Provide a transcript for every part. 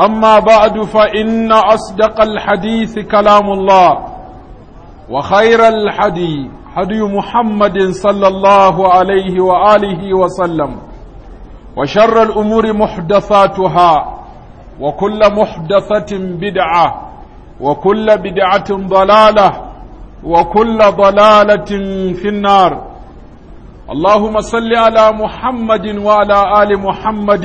أما بعد فإن أصدق الحديث كلام الله وخير الحدي حدي محمد صلى الله عليه وآله وسلم وشر الأمور محدثاتها وكل محدثة بدعة وكل بدعة ضلالة وكل ضلالة في النار اللهم صل على محمد وعلى آل محمد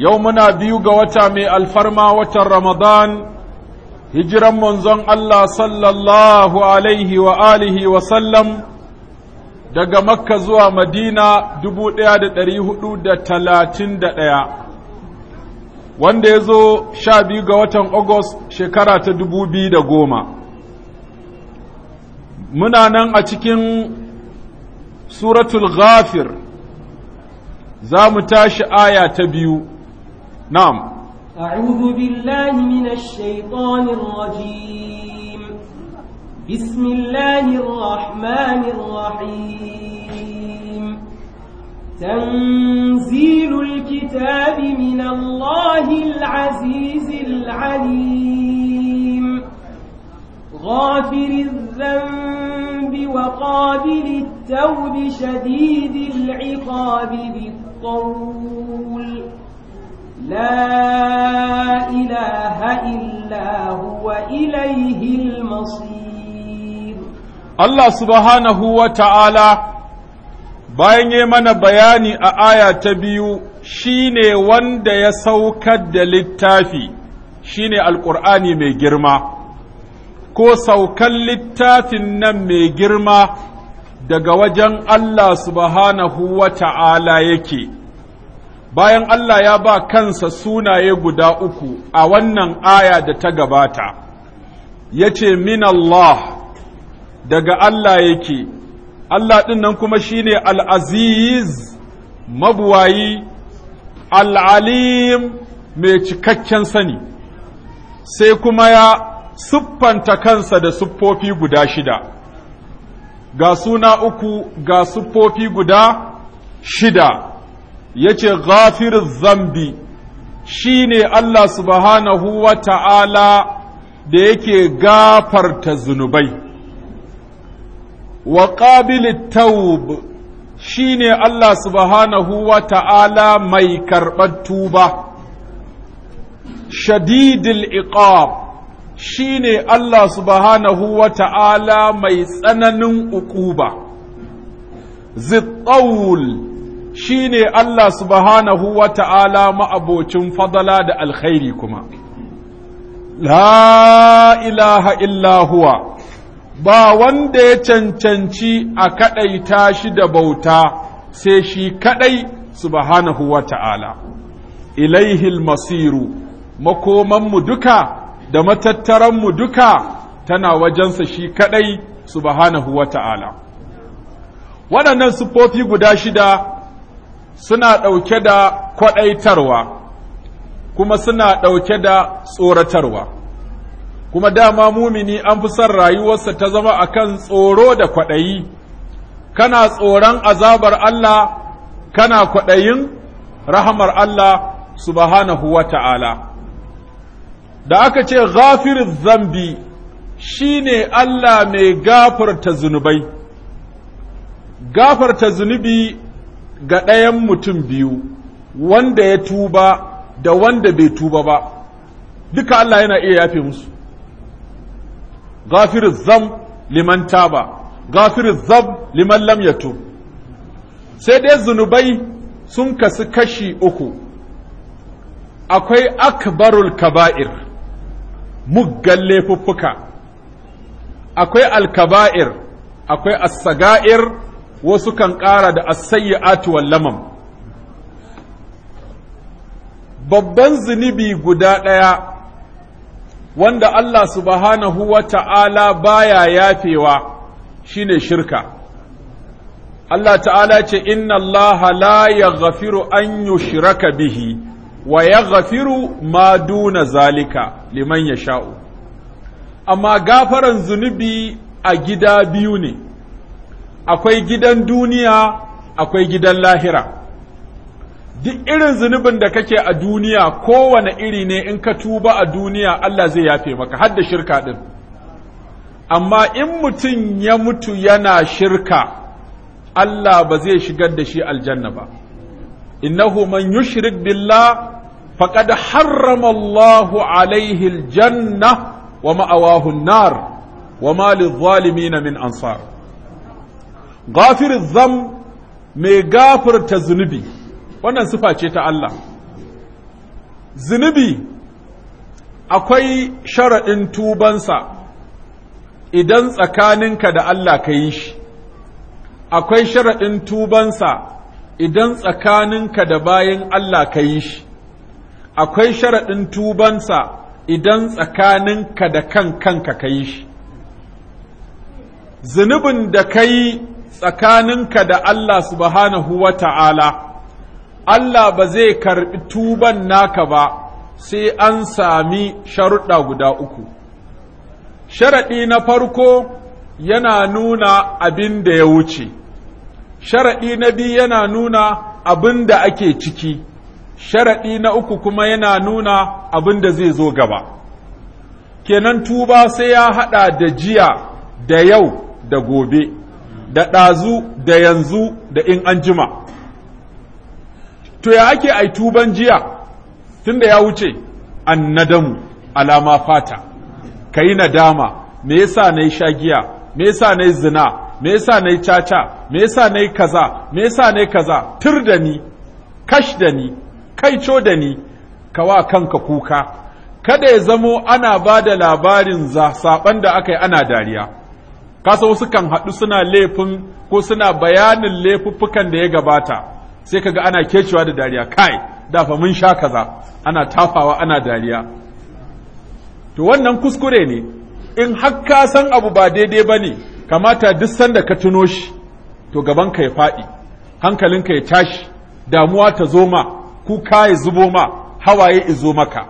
yau muna biyu ga wata mai alfarma watan Ramadan, hijiran manzon Allah sallallahu Alaihi wa alihi wa sallam daga Makka zuwa Madina dubu ɗaya da ɗari hudu da talatin da ɗaya, wanda ya zo sha biyu ga watan Agus shekara ta dubu biyu da goma. Muna nan a cikin Suratul Ghafir. za mu tashi aya ta biyu نعم أعوذ بالله من الشيطان الرجيم بسم الله الرحمن الرحيم تنزيل الكتاب من الله العزيز العليم غافر الذنب وقابل التوب شديد العقاب بالطول لا إله إلا هو إليه المصير الله سبحانه وتعالى bayan yi mana bayani a aya ta biyu shi ne wanda ya saukar da littafi shi shine alƙur'ani mai girma ko saukan littafin nan mai girma daga wajen Allah subhanahu wa ta'ala yake bayan Allah ya ba kansa sunaye guda uku a wannan aya da ta gabata ya ce min Allah daga Allah yake Allah ɗin nan kuma shi ne al'aziz mabuwayi al'alim mai cikakken sani sai kuma ya siffanta kansa da siffofi guda shida ga suna uku ga siffofi guda shida yace ghafir zambi shine Allah subhanahu wa ta'ala da yake gafarta zunubai wa qabilit taub shine Allah subhanahu wa ta'ala mai karɓar tuba shadidil iqab shine Allah subhanahu wa ta'ala mai tsananin uquba zittaul shi ne Allah subhanahu wa ta'ala ma'abocin fadala da alkhairi kuma. La ilaha illa huwa ba wanda ya cancanci a kaɗaita shi da bauta sai shi kaɗai subhanahu wa ta'ala. Ilaihil masiru, makomanmu duka da matattaranmu duka tana wajensa shi kaɗai subhanahu wa ta'ala. Waɗannan siffofi guda shida suna ɗauke da kwaɗaitarwa kuma suna ɗauke da tsoratarwa kuma dama mumini an fi son rayuwarsa ta zama a kan tsoro da kwaɗayi kana tsoron azabar Allah kana kwaɗayin rahamar Allah subhanahu wa ta'ala da aka ce ghafirin zambi shi ne Allah mai gafarta zunubai gafarta zunubi ga ɗayan mutum biyu wanda ya tuba da wanda bai tuba ba duka Allah yana iya yafe musu gafirin zam liman taba gafirin zam liman lam sai dai zunubai sun kasu kashi uku akwai akbarul kaba'ir muggan laifuffuka akwai alkaba'ir akwai as wasu kan ƙara da asayi sayyiatu lamam babban zunubi guda ɗaya wanda Allah subhanahu wa ta'ala baya yafewa shine shirka. Allah ta'ala ce, Inna Allah la ya gafiru an shiraka bihi, wa ya gafiru ma duna zalika liman ya sha'u. Amma gafaran zunubi a gida biyu ne, akwai gidan duniya akwai gidan lahira duk irin zunubin da kake a duniya kowane iri ne in ka tuba a duniya Allah zai yafe maka har da shirka din amma in mutum ya mutu yana shirka Allah ba zai shigar da shi aljanna ba innahu man yushrik billah faqad harrama Allahu alaihi aljanna wa ma'awahu an-nar wa ma lidh-dhalimin min ansar غافر الذنب mai gafarta zunubi wannan sifa ce ta Allah zunubi akwai sharaɗin tubansa idan tsakaninka da Allah ka yi shi akwai sharaɗin tubansa idan tsakaninka da bayan Allah ka yi shi akwai sharaɗin tubansa idan tsakaninka da kan kanka ka yi shi zunubin da ka yi tsakaninka da Allah subhanahu wa ta'ala, Allah ba zai karɓi tuban naka ba sai an sami sharuɗa guda uku. Sharaɗi na farko yana nuna abin da ya wuce, sharaɗi na biyu yana nuna abin da ake ciki, sharaɗi na uku kuma yana nuna abin da zai zo gaba. Kenan tuba sai ya haɗa da jiya da yau da gobe. da ɗazu da yanzu da in an jima to ya ake ai tuban jiya Tun da ya wuce an nadamu alama fata ka yi nadama me yasa na yi shagiya me yasa na yi zina me yasa na yi caca me yasa na yi kaza me yasa na yi kaza tur da ni kash da ni kaico da ni ka wa kanka kuka kada ya zamo ana ba da labarin za, saɓan da aka yi ana dariya kasa wasu kan haɗu suna laifin ko suna bayanin laifuffukan da ya gabata sai kaga ana kecewa da dariya kai dafa mun sha kaza ana tafawa ana dariya to wannan kuskure ne in har ka san abu ba daidai ba ne kamata duk sanda ka tuno shi to gaban ka ya faɗi hankalinka ya tashi damuwa ta zo ma kuka ya zubo ma hawaye izo maka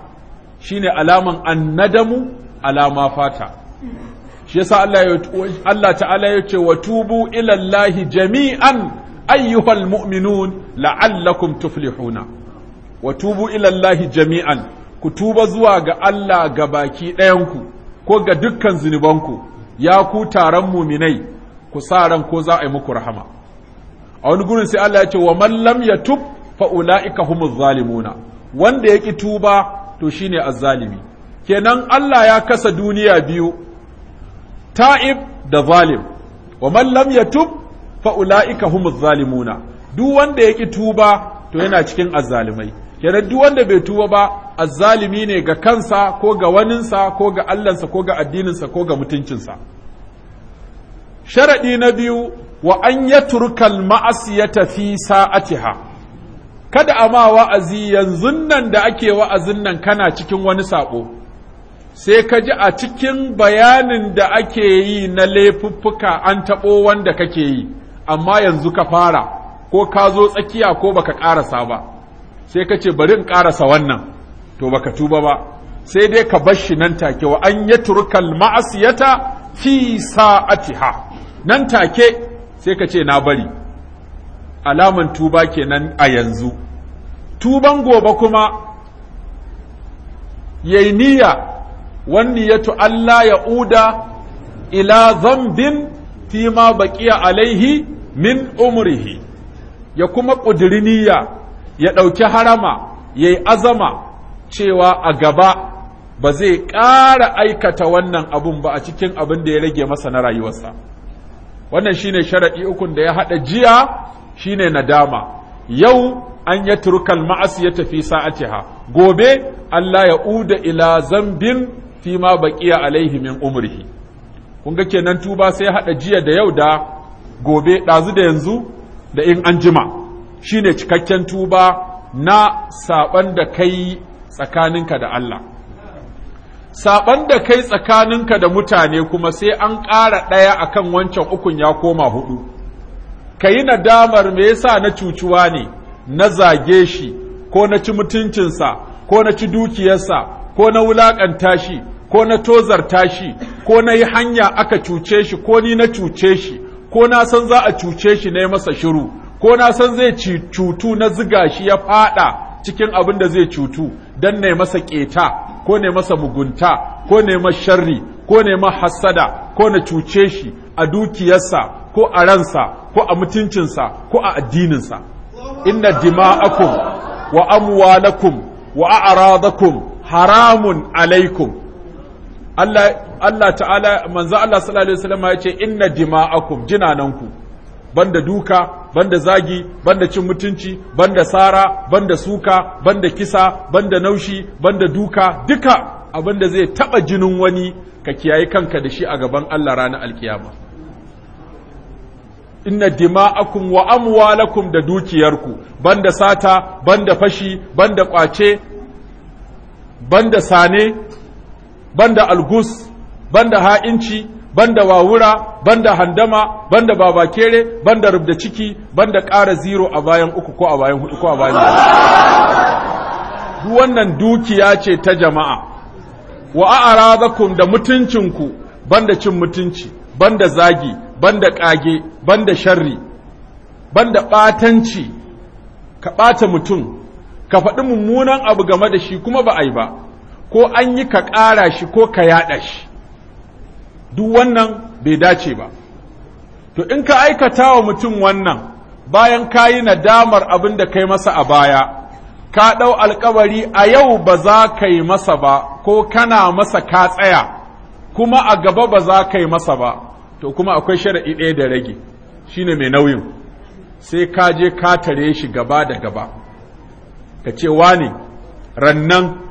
shine alaman annadamu alama fata shi yasa Allah Allah ta'ala ya ce wa tubu ilallahi Allah jami'an ayyuhal mu'minun la'allakum tuflihuna wa tubu ila Allah jami'an ku tuba zuwa ga Allah ga baki ɗayanku ko ga dukkan zunubanku ya ku taron muminai ku sa ran ko za a yi muku rahama a wani gurin sai Allah ya ce wa man lam yatub fa ulaika humuz zalimuna wanda yake tuba to shine azzalimi kenan Allah ya kasa duniya biyu ta'ib da zalim wa mallam lam yatub fa ika humuz zalimuna duk wanda ya ƙi tuba to yana cikin azzalimai kenan duk wanda bai tuba ba azzalimi ne ga kansa ko ga waninsa ko ga Allahnsa ko ga addininsa ko ga mutuncinsa Sharaɗi na biyu wa an yatrukal ma'asiyata fi sa'atiha kada ama wa'azi yanzun nan da ake wa'azin nan kana cikin wani saƙo. sai ka ji a cikin bayanin da ake yi na laifuffuka an taɓo wanda kake yi amma yanzu ka fara ko ka zo tsakiya ko baka ƙarasa ba sai ka ce bari in ƙarasa wannan to baka tuba ba sai dai ka bar shi nan take wa an ya turkal ma'asiyata fi sa'atiha nan take sai ka ce na bari alaman tuba kenan a yanzu tuban gobe kuma yayi wanniyatu Allah ya uda ila zambin fi ma alaihi min umrihi ya kuma ƙudiri ya ɗauki harama ya yi azama cewa a gaba ba zai ƙara aikata wannan abun ba a cikin abin da ya rage masa na rayuwarsa wannan shine sharaɗi ukun da ya haɗa jiya shine nadama yau an ya turkal ma'as ya tafi sa'atiha gobe Allah ya uda ila zambin fi ma baqiya alaihi min umrihi kun ga kenan tuba sai haɗa jiya da yau da gobe ɗazu da yanzu da in an jima shine cikakken tuba na saban da kai tsakaninka da Allah saban da kai tsakaninka da mutane kuma sai an ƙara ɗaya akan wancan ukun ya koma hudu ka yi nadamar me yasa na cucuwa ne na zage shi ko na ci mutuncinsa ko na ci dukiyarsa ko na wulaƙanta shi ko na tozarta shi ko na yi hanya aka cuce shi ko ni na cuce shi ko na san za a cuce shi na yi masa shiru ko na san zai cutu na ziga shi ya fada cikin abin da zai cutu don na masa keta ko na masa mugunta ko na masa sharri ko na masa hassada ko na cuce shi a dukiyarsa ko a ransa ko a mutuncinsa ko a addininsa inna dima'akum wa amwalakum wa a'radakum haramun alaikum Allah ta'ala manzo Allah sallallahu alaihi wasallam ya ce inna dima'akum jinananku banda duka banda zagi banda cin mutunci banda sara banda suka banda kisa banda naushi banda duka duka da zai taba jinin wani ka kiyaye kanka da shi a gaban Allah rana alkiyama inna dima'akum wa amwalakum da dukiyarku banda sata banda fashi banda kwace banda sane banda algus banda ha'inci banda wawura banda handama banda babakere banda rubda ciki banda ƙara zero a bayan uku ko a bayan hudu ko a bayan duk wannan dukiya ce ta jama'a wa a'radakum da mutuncinku banda cin mutunci banda zagi banda kage banda sharri banda batanci ka bata mutum ka faɗi mummunan abu game da shi kuma ba a yi ba ko an yi ka ƙara shi ko ka yaɗa shi duk wannan bai dace ba to in ka aikata wa mutum wannan bayan ka yi nadamar abin da ka yi masa a baya ka ɗau alkawari a yau ba za ka yi masa ba ko kana masa ka tsaya kuma a gaba ba za ka yi masa ba to kuma akwai sharai ɗaya da rage shine mai nauyin sai ka je ka tare shi gaba da gaba ka ce ne rannan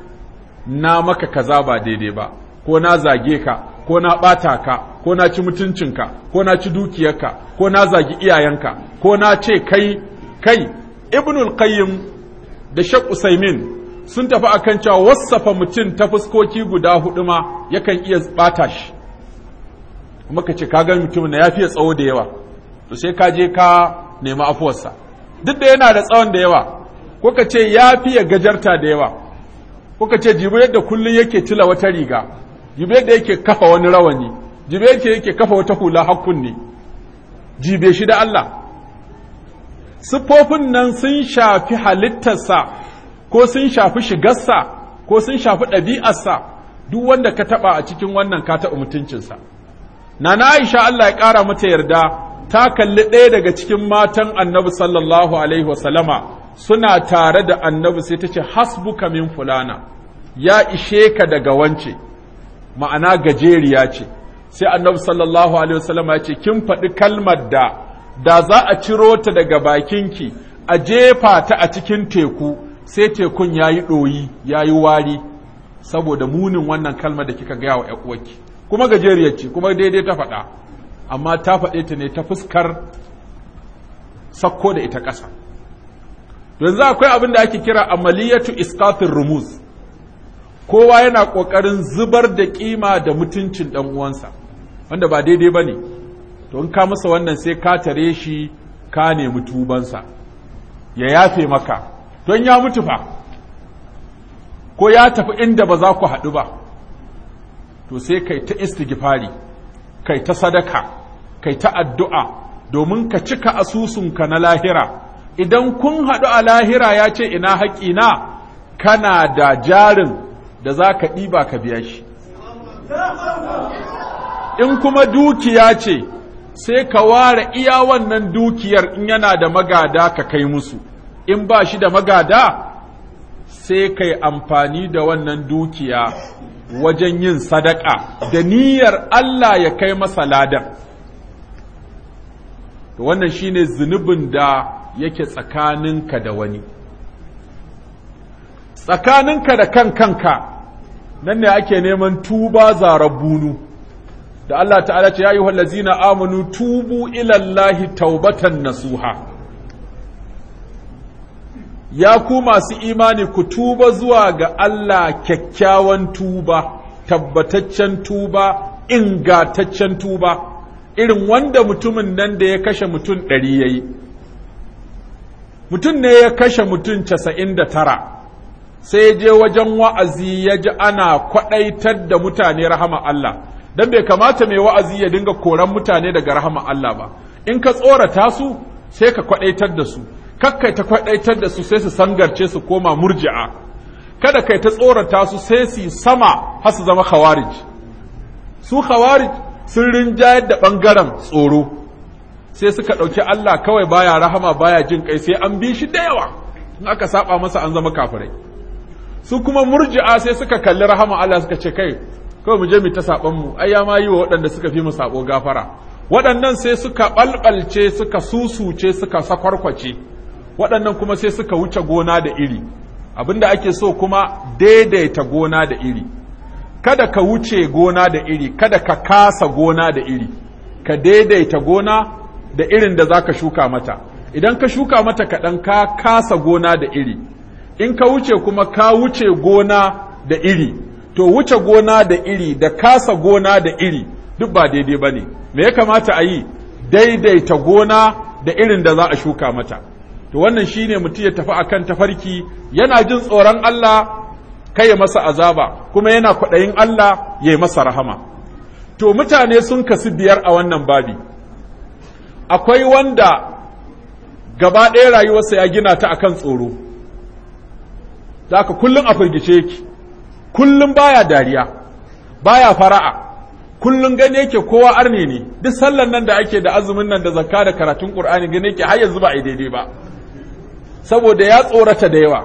na maka kaza ba daidai ba ko na zage ka ko na ɓata ka ko na ci mutuncinka ko na ci dukiyarka ko na zagi iyayenka ko na ce kai kai ibnul qayyim da shaq usaimin sun tafi akan cewa wasafa mutum ta fuskoki guda hudu ma yakan iya bata shi Kuma ka ce ka ga mutum na yafi tsawo da yawa to sai ka je ka nemi afuwarsa duk da yana da tsawon da yawa ko ka ce yafi ya gajarta da yawa kuka ce jibu yadda kullum yake tila wata riga jibu yadda yake kafa wani rawani jibu yake yake kafa wata hula hakkun ne jibe shi da Allah siffofin nan sun shafi halittarsa ko sun shafi shigarsa ko sun shafi ɗabi'arsa duk wanda ka taɓa a cikin wannan ka taɓa mutuncinsa nana aisha Allah ya ƙara mata yarda ta kalli ɗaya daga cikin matan annabi sallallahu alaihi wasallama suna tare da annabi sai ta ce hasbuka min fulana ya ishe ka daga wance ma'ana gajeriya ce sai annabi sallallahu alaihi wasallam ya ce kin faɗi kalmar da da za a ciro ta daga bakinki a jefa ta a cikin teku sai tekun ya yi ɗoyi ya yi wari saboda munin wannan kalmar da kika gaya wa uwarki kuma gajeriyar ce kuma daidai ta faɗa amma ta faɗe ta ne ta fuskar sakko da ita ƙasa yanzu akwai abin da ake kira amaliyatu iskatin rumuz kowa yana ƙoƙarin zubar da kima da mutuncin dan uwansa wanda ba daidai bane to in ka masa wannan sai ka tare shi ka nemi tubansa ya yafe maka don ya mutu fa ko ya tafi inda ba za ku haɗu ba to sai kai ta istighfari kai ta sadaka kai ta addu'a domin ka cika asusunka na lahira idan kun haɗu a lahira ya ce ina haƙina kana da jarin da za ka ɗiba ka biya shi in kuma dukiya ce sai ka ware iya wannan dukiyar in yana da magada ka kai musu in ba shi da magada sai ka yi amfani da wannan dukiya wajen yin sadaka da niyyar Allah ya kai masa ladan wannan shine zunubin da yake tsakaninka da wani tsakaninka da kan kanka nan ne ake neman tuba zarar da Allah ta'ala ce ya yi wallazina amanu tubu ilallahi taubatan nasuha ya ku masu imani ku tuba zuwa ga Allah kyakkyawan tuba tabbataccen tuba ingataccen tuba irin wanda mutumin nan da ya kashe mutum ɗari ya yi mutum ne ya kashe mutum casa'in da tara sai je wajen wa'azi ya ji ana kwaɗaitar da mutane rahama Allah don bai kamata mai wa'azi ya dinga koran mutane daga rahama Allah ba in ka tsorata su sai ka kwaɗaitar da su kakkai ta kwaɗaitar da su sai su sangarce su koma murji'a kada kai ta tsorata su sai su sama har su zama khawarij su khawarij sun rinjayar da ɓangaren tsoro sai suka ɗauki Allah kawai baya rahama baya jin kai sai an bi shi da yawa in aka saba masa an zama kafirai su kuma murji'a sai suka kalli rahama Allah suka ce kai kawai mu je mu ta saban mu ai ya ma yi wa waɗanda suka fi mu sabo gafara waɗannan sai suka balbalce suka susuce suka sakwarkwace waɗannan kuma sai suka wuce gona da iri abinda ake so kuma daidaita gona da iri kada ka wuce gona da iri kada ka kasa gona da iri ka daidaita gona da irin da zaka shuka mata idan ka shuka mata kaɗan ka kasa gona da iri in ka wuce kuma ka wuce gona da iri to wuce gona da iri da kasa gona da iri duk ba daidai ba ne me ya kamata a yi daidaita gona da irin da za a shuka mata to wannan shine mutum ya tafi akan tafarki yana jin tsoron Allah kai ya masa azaba kuma yana kwaɗayin Allah ya yi masa rahama to mutane sun kasu biyar a wannan babi akwai wanda gaba ɗaya rayuwarsa ya gina ta akan tsoro zaka ka kullum a firgice yake kullum baya dariya baya fara'a kullum gani yake kowa arne ne duk sallan nan da ake da azumin nan da zakka da karatun qur'ani gani yake har yanzu ba a daidai ba saboda ya tsorata da yawa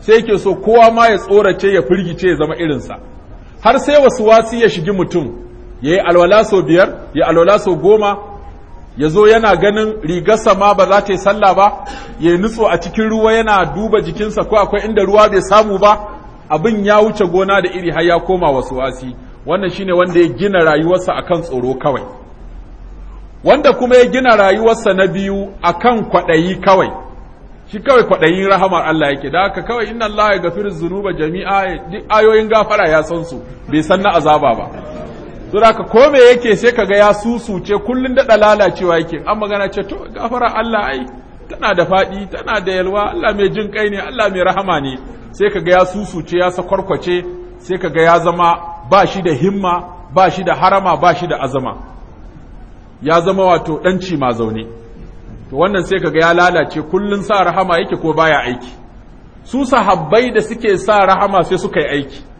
sai yake so kowa ma ya tsorace ya firgice ya zama irinsa har sai wasu wasi ya shigi mutum ya yi alwala sau biyar ya alwala sau goma ya zo yana ganin rigarsa ma ba za ta yi sallah ba ya nutso a cikin ruwa yana duba jikinsa ko akwai inda ruwa bai samu ba abin ya wuce gona da iri har ya koma wasu wasi wannan shine wanda ya gina rayuwarsa akan tsoro kawai wanda kuma ya gina rayuwarsa na biyu akan kwaɗayi kawai shi kawai kwaɗayin rahamar Allah yake da haka kawai inna Allah ya gafiru zunuba jami'a duk ayoyin gafara ya san su bai san na azaba ba zura ka kome yake sai kaga ya susuce kullun daɗa lalacewa yake an magana ce to gafara Allah ai tana da faɗi tana da yalwa Allah mai jin kai ne Allah mai rahama ne sai kaga ya susuce ya sakwarkwace sai kaga ya zama ba shi da himma ba shi da harama ba shi da azama ya zama wato ɗanci ma zaune to wannan sai kaga ya lalace kullun sa rahama yake ko baya aiki su sahabbai da suke sa rahama sai suka yi aiki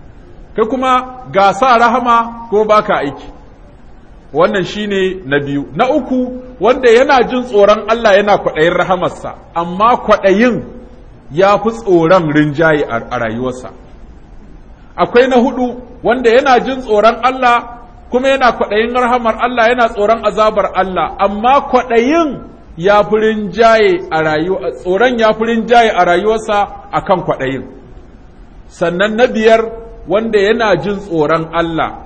kai kuma ga sa rahama ko baka aiki wannan shine na biyu na uku wanda yana jin tsoron Allah yana kwaɗayin rahamarsa amma kwaɗayin ya fi tsoron rinjaye a rayuwarsa akwai na hudu wanda yana jin tsoron Allah kuma yana kwaɗayin rahamar Allah yana tsoron azabar Allah amma kwaɗayin ya fi rinjaye a rayuwa tsoron ya fi rinjaye a rayuwarsa akan kwaɗayin sannan na biyar wanda yana jin tsoron Allah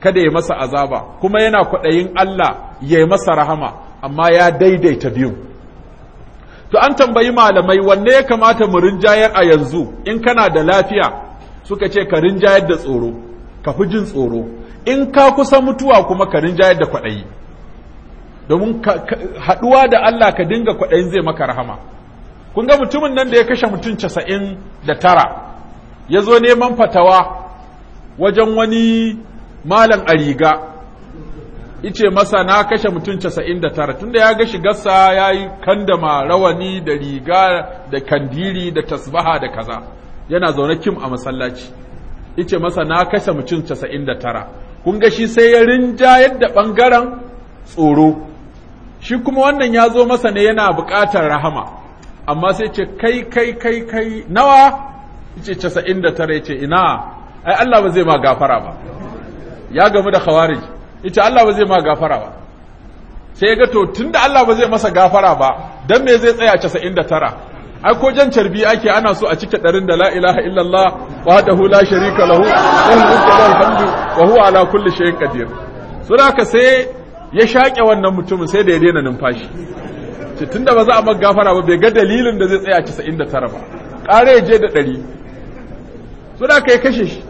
kada ya masa azaba kuma yana kwaɗayin Allah ya yi masa rahama amma ya daidaita biyu to an tambayi malamai wanne ya kamata mu rinjayar a yanzu in kana da lafiya suka ce ka rinjayar da tsoro ka fi jin tsoro in ka kusa mutuwa kuma ka rinjayar da kwaɗayi domin haɗuwa da Allah ka dinga kwaɗayin zai maka rahama kun ga mutumin nan da ya kashe mutum casa'in da tara ya zo neman fatawa wajen wani malam a riga ice masa na kashe mutum casa'in da tara tunda ya ga shigarsa ya yi kandama rawani da riga da kandiri da tasbaha da kaza yana zaune kim a masallaci ice masa na kashe mutum casa'in kun ga shi sai ya rinja yadda ɓangaren tsoro shi kuma wannan ya zo masa ne yana buƙatar rahama amma sai ce kai kai kai kai nawa ce casa'in da tara ce ina ai Allah ba zai ma gafara ba ya gamu da khawarij ita Allah ba zai ma gafara ba sai ya ga to tun da Allah ba zai masa gafara ba don me zai tsaya casa'in da tara ai ko jan carbi ake ana so a cike ɗarin da la ilaha illallah wahdahu la sharika lahu lahu wa alhamdu wa huwa ala kulli shay'in qadir sura ka sai ya shaƙe wannan mutumin sai da ya daina numfashi tunda ba za a gafara ba bai ga dalilin da zai tsaya 99 ba ƙare je da ɗari su da ka yi kashe shi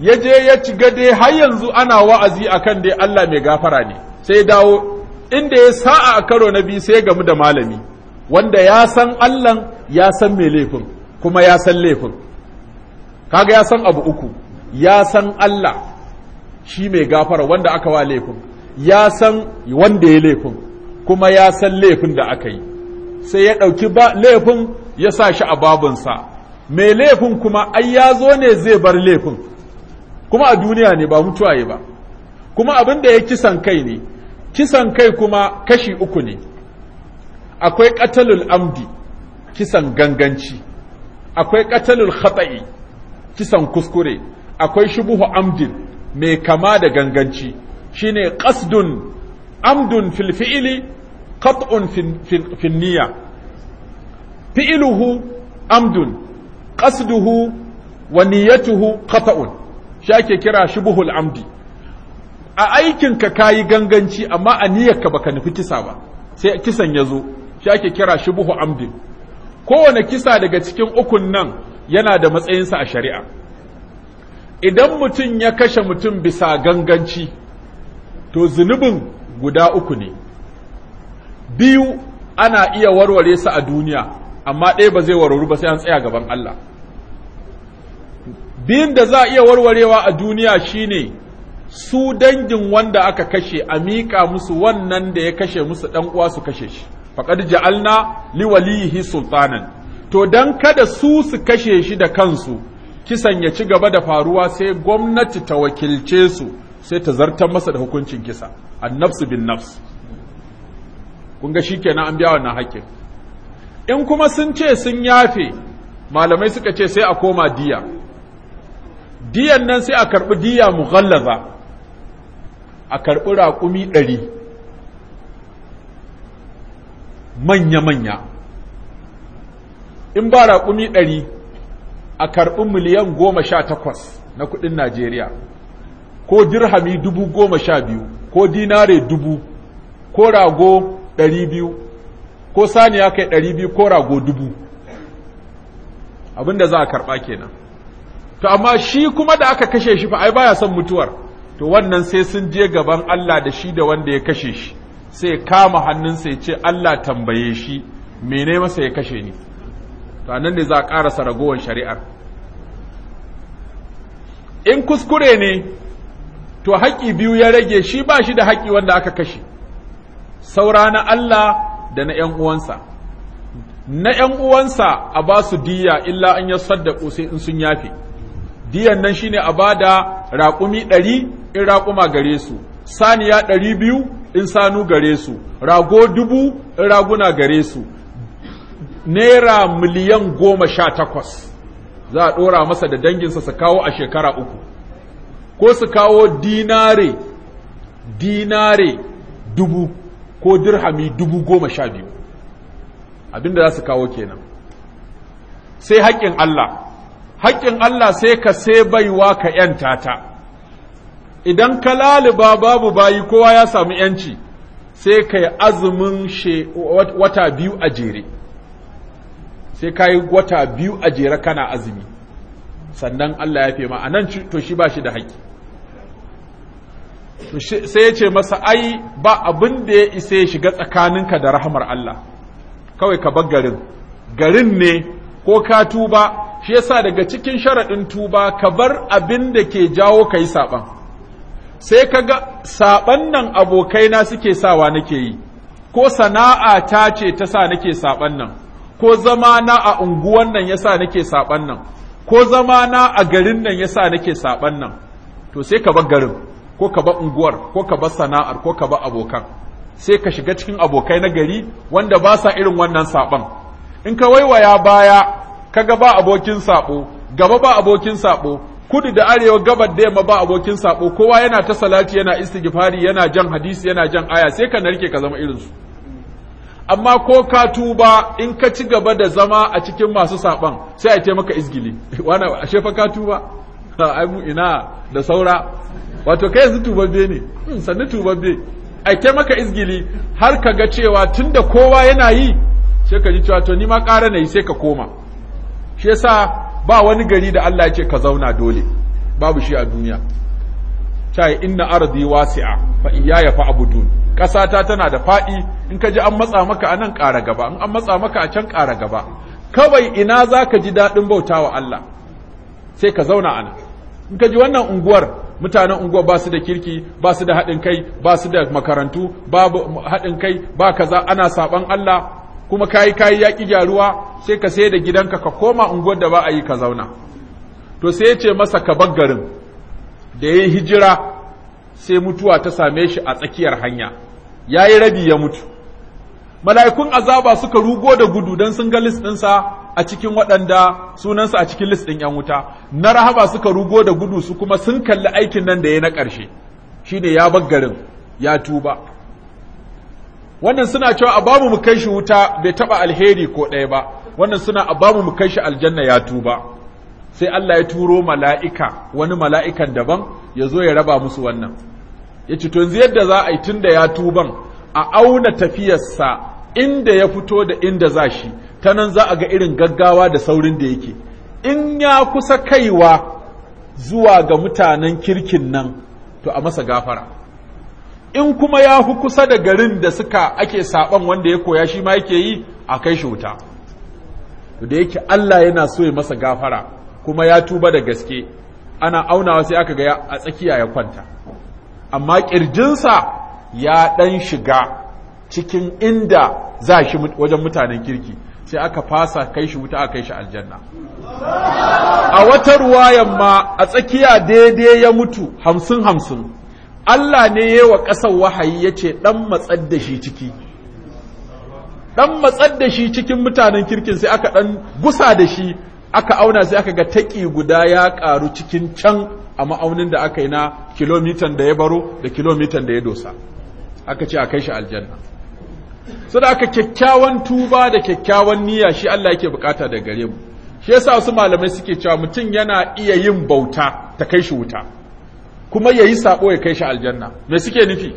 ya je ya ci gade har yanzu ana wa'azi a kan dai Allah mai gafara ne sai dawo inda ya sa'a a karo na biyu sai gamu da malami wanda ya san Allahn ya san mai laifin kuma ya san laifin kaga ya san abu uku ya san Allah shi mai gafara wanda aka wa laifin ya san wanda ya laifin kuma ya san laifin da aka yi sai ya ɗauki laifin ya sa shi a babinsa mai laifin kuma ai ya zo ne zai bar laifin kuma a duniya ne ba mutuwa yi ba kuma abin da ya kisan kai ne kisan kai kuma kashi uku ne akwai ƙatalul amdi kisan ganganci akwai ƙatalul khata'i kisan kuskure akwai shubuhu amdin mai kama da ganganci shine qasdun amdun fil fi'li qat'un fin niyya fi'luhu amdun qasduhu wa niyyatuhu khata'un shi ake kira shubuhul amdi a aikin ka kayi ganganci amma a niyyarka baka nufi kisa ba sai kisan ya zo shi ake kira shubuhu amdi. kowane kisa daga cikin ukun nan yana da matsayinsa a shari'a idan mutum ya kashe mutum bisa ganganci to zunubin guda uku ne biyu ana iya warware su a duniya amma ɗaya ba zai warwaru ba sai an tsaya gaban Allah biyun da za a iya warwarewa a duniya shine su dangin wanda aka kashe a miƙa musu wannan da ya kashe musu ɗan uwa su kashe shi faƙad ja'alna li walihi sultanan to dan kada su su kashe shi da kansu kisan ya ci gaba da faruwa sai gwamnati ta wakilce su sai ta zartar masa da hukuncin kisa annafsu bin nafs kun ga kenan an biya wannan haƙƙin in kuma sun ce sun yafe malamai suka ce sai a koma diya diyan nan sai a karɓi diya mughallaza a karɓi raƙumi ɗari manya-manya in ba raƙumi ɗari a karɓi miliyan goma sha takwas na kuɗin najeriya ko dirhami dubu goma sha biyu ko dinare dubu ko rago ɗari biyu ko Sani ya kai ɗari biyu ko rago dubu abinda za a karɓa kenan to amma shi kuma da aka kashe shi fa ai baya son mutuwar to wannan sai sun je gaban Allah da shi da wanda ya kashe shi sai ya kama hannunsa ya ce Allah tambaye shi mene masa ya kashe ni to nan ne za a ƙarasa ragowar shari'ar in kuskure ne to haƙƙi biyu ya rage shi ba shi da haƙƙi wanda aka kashe saura na Allah da na ‘yan uwansa, na ‘yan uwansa a ba su diya illa an ya saddaƙo sai in sun yafe, diyan nan shine a ba da raƙumi ɗari in raƙuma gare su, saniya ɗari biyu in sanu gare su, rago dubu in raguna gare su, naira miliyan goma sha takwas za a ɗora masa da danginsa su kawo a shekara uku, ko su kawo dinare, dinare dubu. ko dirhami dubu goma sha biyu abinda za su kawo kenan sai haƙƙin Allah haƙƙin Allah sai ka sai baiwa ka ‘yanta ta idan ka laliba babu bayi kowa ya samu ‘yanci sai ka yi azumin wata biyu a jere sai ka yi wata biyu a jere kana azumi sannan Allah ya fi ma a nan to shi ba shi da haƙƙi sai ya ce masa ai ba abin da ya isa ya shiga tsakaninka da rahamar Allah kawai ka bar garin garin ne ko ka tuba shi yasa daga cikin sharaɗin tuba ka bar abin da ke jawo ka yi saɓan sai ka ga saɓan nan abokaina suke sawa nake yi ko sana'a ta ce ta sa nake saɓan nan ko zama na a unguwan nan yasa nake saɓan nan ko zama na a garin nan yasa nake saɓan nan to sai ka bar garin ko ka ba unguwar ko ka ba sana'ar ko ka ba abokan sai ka shiga cikin abokai na gari wanda ba sa irin wannan saɓon in ka waiwaya baya kaga ba abokin sabo gaba ba abokin sabo kudu da arewa gabar da yamma ba abokin sabo kowa yana ta salati yana istighfari yana jan hadisi yana jan aya sai ka narke ka zama irin su amma ko ka tuba in ka ci gaba da zama a cikin masu saban sai a taimaka izgili wani a shefa ka tuba ai mu ina da saura wato kai yanzu tubabbe ne hmm, sannu tubabbe aike maka izgili har ka ga cewa tun da kowa yana yi sai ka ji cewa to ni ma ƙara na yi sai ka koma shi yasa ba wani gari da Allah ya ce ka zauna dole babu shi a duniya cai inna ardi wasi'a fa iyaya fa abudun ƙasata tana da faɗi in ka ji an matsa maka anan ƙara gaba in an matsa maka a can ƙara gaba kawai ina zaka ji daɗin bautawa Allah sai ka zauna ana? in ka ji wannan unguwar mutanen unguwa ba su da kirki ba su da haɗin kai ba su da makarantu ba haɗin kai ba kaza ana saban Allah kuma kayi kayi yaƙi gyaruwa sai ka sai da gidanka ka koma unguwar da ba a yi ka zauna to sai ya ce masa ka bar garin da ya hijira sai mutuwa ta same shi a tsakiyar hanya yayi rabi ya mutu mala'ikun azaba suka rugo da gudu dan sun ga list ɗinsa a cikin waɗanda sunansa a cikin list ɗin 'yan wuta na rahaba suka rugo da gudu su kuma sun kalli aikin nan da ya na ƙarshe shi ne ya baggarin ya tuba wannan suna cewa a babu mu kai shi wuta bai taɓa alheri ko ɗaya ba wannan suna a babu mu kai shi aljanna ya tuba sai Allah ya turo mala'ika wani mala'ikan daban ya zo ya raba musu wannan ya ce to yadda za a yi tun da ya tuban a auna tafiyarsa inda ya fito da inda za shi ta nan za a ga irin gaggawa da saurin da yake in ya kusa kaiwa zuwa ga mutanen kirkin nan to a masa gafara in kuma ya fi kusa da garin da suka ake saban wanda ya koya shi ma yake yi a kai shi wuta to da yake Allah yana so ya masa gafara kuma ya tuba da gaske ana aunawa sai aka ga a tsakiya ya kwanta amma kirjinsa ya ɗan shiga cikin inda za shi wajen mutanen kirki sai aka fasa kai shi wuta a kai shi aljanna a wata ruwa yamma, a tsakiya daidai ya mutu hamsin hamsin Allah ne ya wa ƙasar wahayi ya ce ɗan matsar da shi ciki ɗan matsar da shi cikin mutanen kirkin sai aka ɗan gusa da shi aka auna sai aka ga taƙi guda ya ƙaru cikin can a ma'aunin da aka yi na kilomitan da ya baro da kilomitan da ya dosa aka ce a kai shi aljanna sada aka kyakkyawan tuba da kyakkyawan niyya shi Allah yake bukata da gare mu shi yasa wasu malamai suke cewa mutum yana iya yin bauta ta kai shi wuta kuma yayi sabo ya kai shi aljanna me suke nufi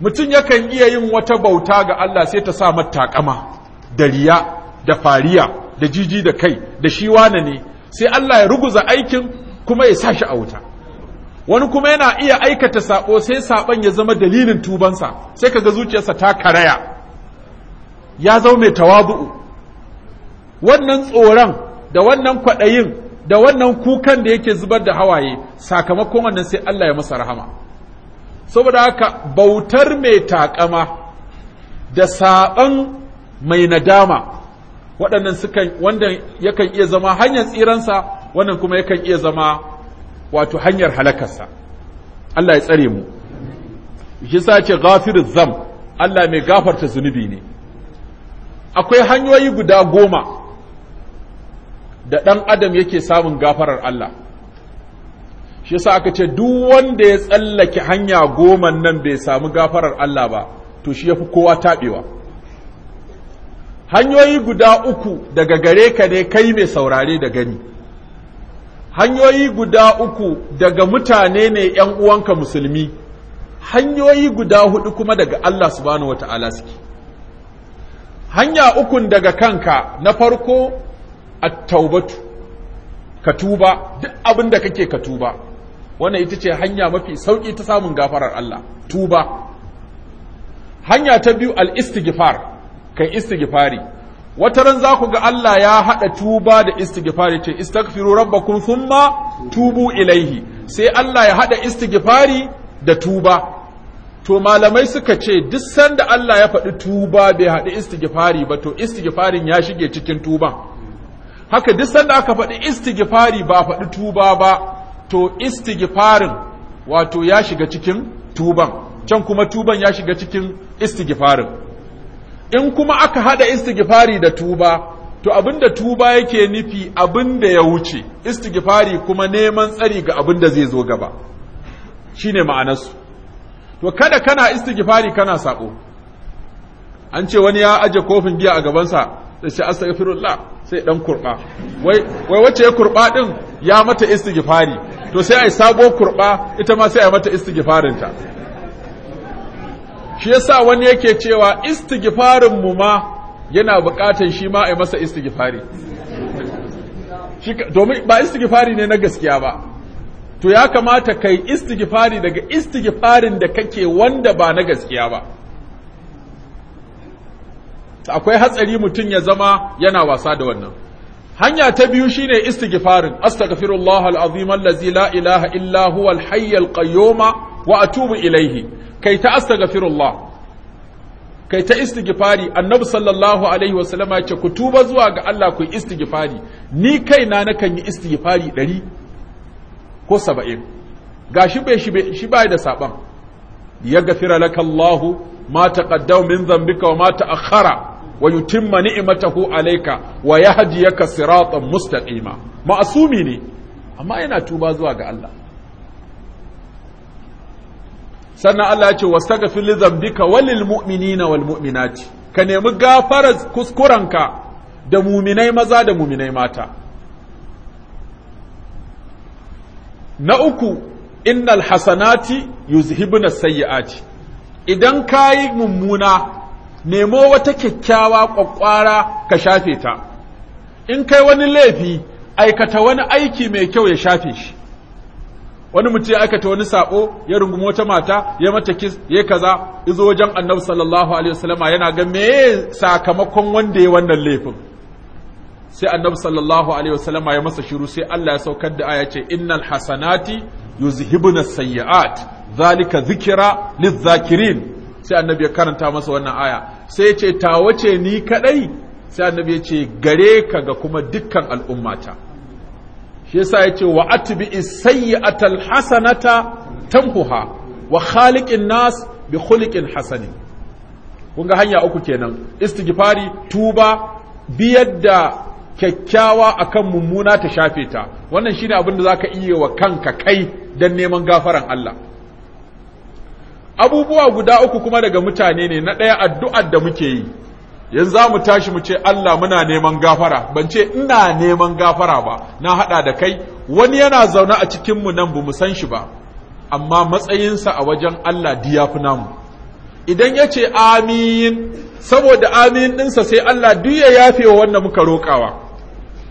mutum yakan iya yin wata bauta ga Allah sai ta sa mata takama da riya da fariya da jiji da kai da shi wane ne sai Allah ya ruguza aikin kuma ya sa shi a wuta wani kuma yana iya aikata sabo sai saban ya zama dalilin tubansa sai kaga zuciyarsa ta karaya ya zama mai tawabu'u wannan tsoron da wannan kwaɗayin da wannan kukan da yake zubar da hawaye sakamakon wannan sai Allah ya masa rahama saboda haka bautar mai taƙama da saɓan mai nadama waɗannan sukan wanda yakan iya zama hanyar tsiransa wannan kuma yakan iya zama wato hanyar halakarsa Allah ya tsare mu shi sa ce ghafiruz zam Allah mai gafarta zunubi ne akwai hanyoyi guda goma da ɗan adam yake samun gafarar Allah shi sa aka ce duk wanda ya tsallake hanya goma nan bai samu gafarar Allah ba to shi ya fi kowa taɓewa hanyoyi guda uku daga gare ka ne kai mai saurare da gani hanyoyi guda uku daga mutane ne ‘yan uwanka musulmi hanyoyi guda hudu kuma daga Allah subhanahu wa ta'ala suke hanya ukun daga kanka na farko at-taubatu ka tuba duk abin da kake ka tuba wannan ita ce hanya mafi sauki ta samun gafarar Allah tuba hanya ta biyu al-istighfar kai istighfari wata ran za ku ga Allah ya haɗa tuba da istighfari ce istaghfiru rabbakum thumma tubu ilaihi sai Allah ya haɗa istighfari da tuba to malamai suka ce duk sanda Allah ya faɗi tuba bai haɗi istighfari ba to istighfarin ya shige cikin tuban haka duk sanda aka faɗi istighfari ba faɗi tuba ba to istighfarin wato ya shiga cikin tuban can kuma tuban ya shiga cikin istighfarin in kuma aka haɗa istighfari da tuba to abinda tuba yake nufi abinda ya wuce istighfari kuma neman tsari ga abinda zai zo gaba shine ma'anarsu to kada kana istighfari kana sako an ce wani ya aje kofin giya a gabansa da shi astaghfirullah sai dan kurba wai wai wace ya kurba din ya mata istighfari to sai ai sabo kurba ita ma sai ai mata istighfarin ta shi yasa wani yake cewa istighfarin mu ma yana bukatan shi ma ai masa istighfari domin ba istighfari ne na gaskiya ba to ya kamata kai istighfari daga istighfarin da kake wanda ba na gaskiya ba akwai hatsari mutum ya zama yana wasa da wannan hanya ta biyu shine istighfarin astaghfirullah alazim allazi la ilaha illa huwa alhayy alqayyum wa atubu ilayhi kai ta astaghfirullah kai ta istighfari annabi sallallahu alaihi wasallama ya ce ku tuba zuwa ga Allah ku istighfari ni kaina nakan yi istighfari 100 ko saba'in ga shi bai da saban ya gafira laka Allahu ma taqaddama min dhanbika wa ma ta'akhkhara wa yutimma ni'matahu alayka wa yahdiyaka siratan mustaqima ma'asumi ne amma yana tuba zuwa ga Allah sannan Allah ya ce wastaghfir li dhanbika wa lil mu'minina wal mu'minati ka nemi gafarar kuskurenka da muminai maza da muminai mata na uku innal hasanati yuzhibuna sayyi'ati idan kayi mummuna nemo wata kyakkyawa kwakwara ka shafe ta in kai wani laifi aikata wani aiki mai kyau ya shafe shi wani mutum ya aikata wani sabo ya rungumi wata mata ya mata kis ya kaza izo wajen annabi sallallahu alaihi wasallama yana ga me sakamakon wanda ya wannan laifin sai annabi sallallahu alaihi wasallama ya masa shiru sai Allah ya saukar da aya ce innal hasanati yuzhibuna sayyi'at zalika zikira lizzakirin sai annabi ya karanta masa wannan aya sai ya ce wace ni kadai sai annabi ya ce gare ka ga kuma dukkan al'ummata shi yasa ya ce wa atbi sayyi'atal hasanata tamhuha wa khaliqin nas bi khuliqin hasani kun ga hanya uku kenan istighfari tuba biyar da kyakkyawa akan mummuna ta shafe ta wannan shine abin da zaka iya wa kanka kai dan neman gafaran Allah abubuwa guda uku kuma daga mutane ne na ɗaya addu'ar da muke yi yanzu za mu tashi mu ce Allah muna neman gafara ban ce ina neman gafara ba na haɗa da kai wani yana zaune a cikin mu nan bamu san shi ba amma matsayinsa a wajen Allah diyafi namu idan yace ce amin saboda amin ɗinsa sai Allah duk ya yafe wa wanda muka roƙawa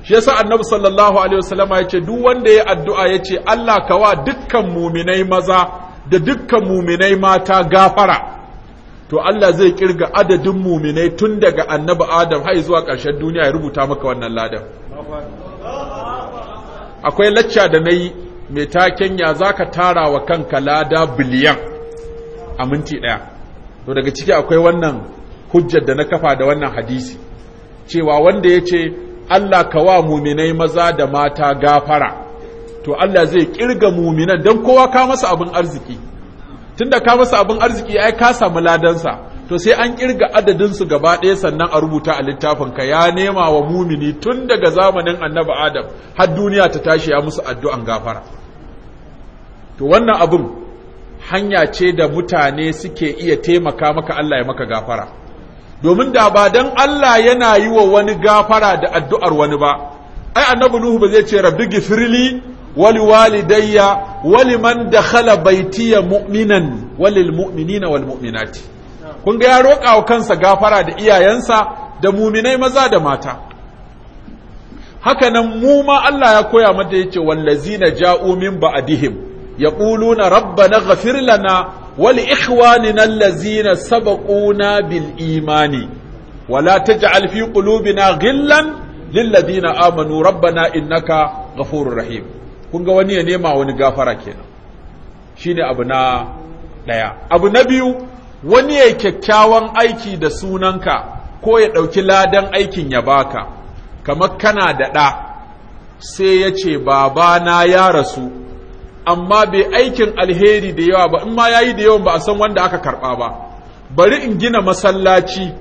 shi yasa annabi sallallahu alaihi wasallama yace duk wanda ya addu'a yace Allah ka wa dukkan muminai maza da dukkan muminai mata gafara to Allah zai kirga adadin muminai tun daga annabi Adam har zuwa ƙarshen duniya ya rubuta maka wannan ladan akwai lacca da nayi mai taken ya zaka tara wa kanka lada biliyan a minti daya to daga ciki akwai wannan hujjar da na kafa da wannan hadisi cewa wanda yace Allah ka wa muminai maza da mata gafara to Allah zai kirga muminan don kowa ka masa abin arziki da ka masa abin arziki ai ka samu ladansa to sai an kirga adadin su gaba ɗaya sannan a rubuta a littafinka, ya nema wa mumini tun daga zamanin annabi adam har duniya ta tashi ya musu addu'an gafara to wannan abin hanya ce da mutane suke iya taimaka maka Allah ya maka gafara domin da ba dan Allah yana yi wa wani gafara da addu'ar wani ba ai annabi nuhu ba zai ce rabbi gifirli wali walidayya wali man dakhala baitiya mu'minan walil mu'minina wal mu'minati kun ga ya roƙa wa kansa gafara da iyayensa da muminai maza da mata haka nan mu ma Allah ya koya mata yace wallazina ja'u min ba'dihim yaquluna rabbana ghfir lana wali ikhwanina allazina sabaquna bil imani wala taj'al fi qulubina ghillan lil ladina amanu rabbana innaka ghafurur rahim kun ga wani ya nema wani gafara kenan shine abu na daya abu na biyu wani ya kyakkyawan aiki da sunanka ko ya dauki ladan aikin ya baka kamar kana da da sai ya ce babana ya rasu amma bai aikin alheri da yawa ba in ma yayi da yawan ba a san wanda aka karba ba bari in gina masallaci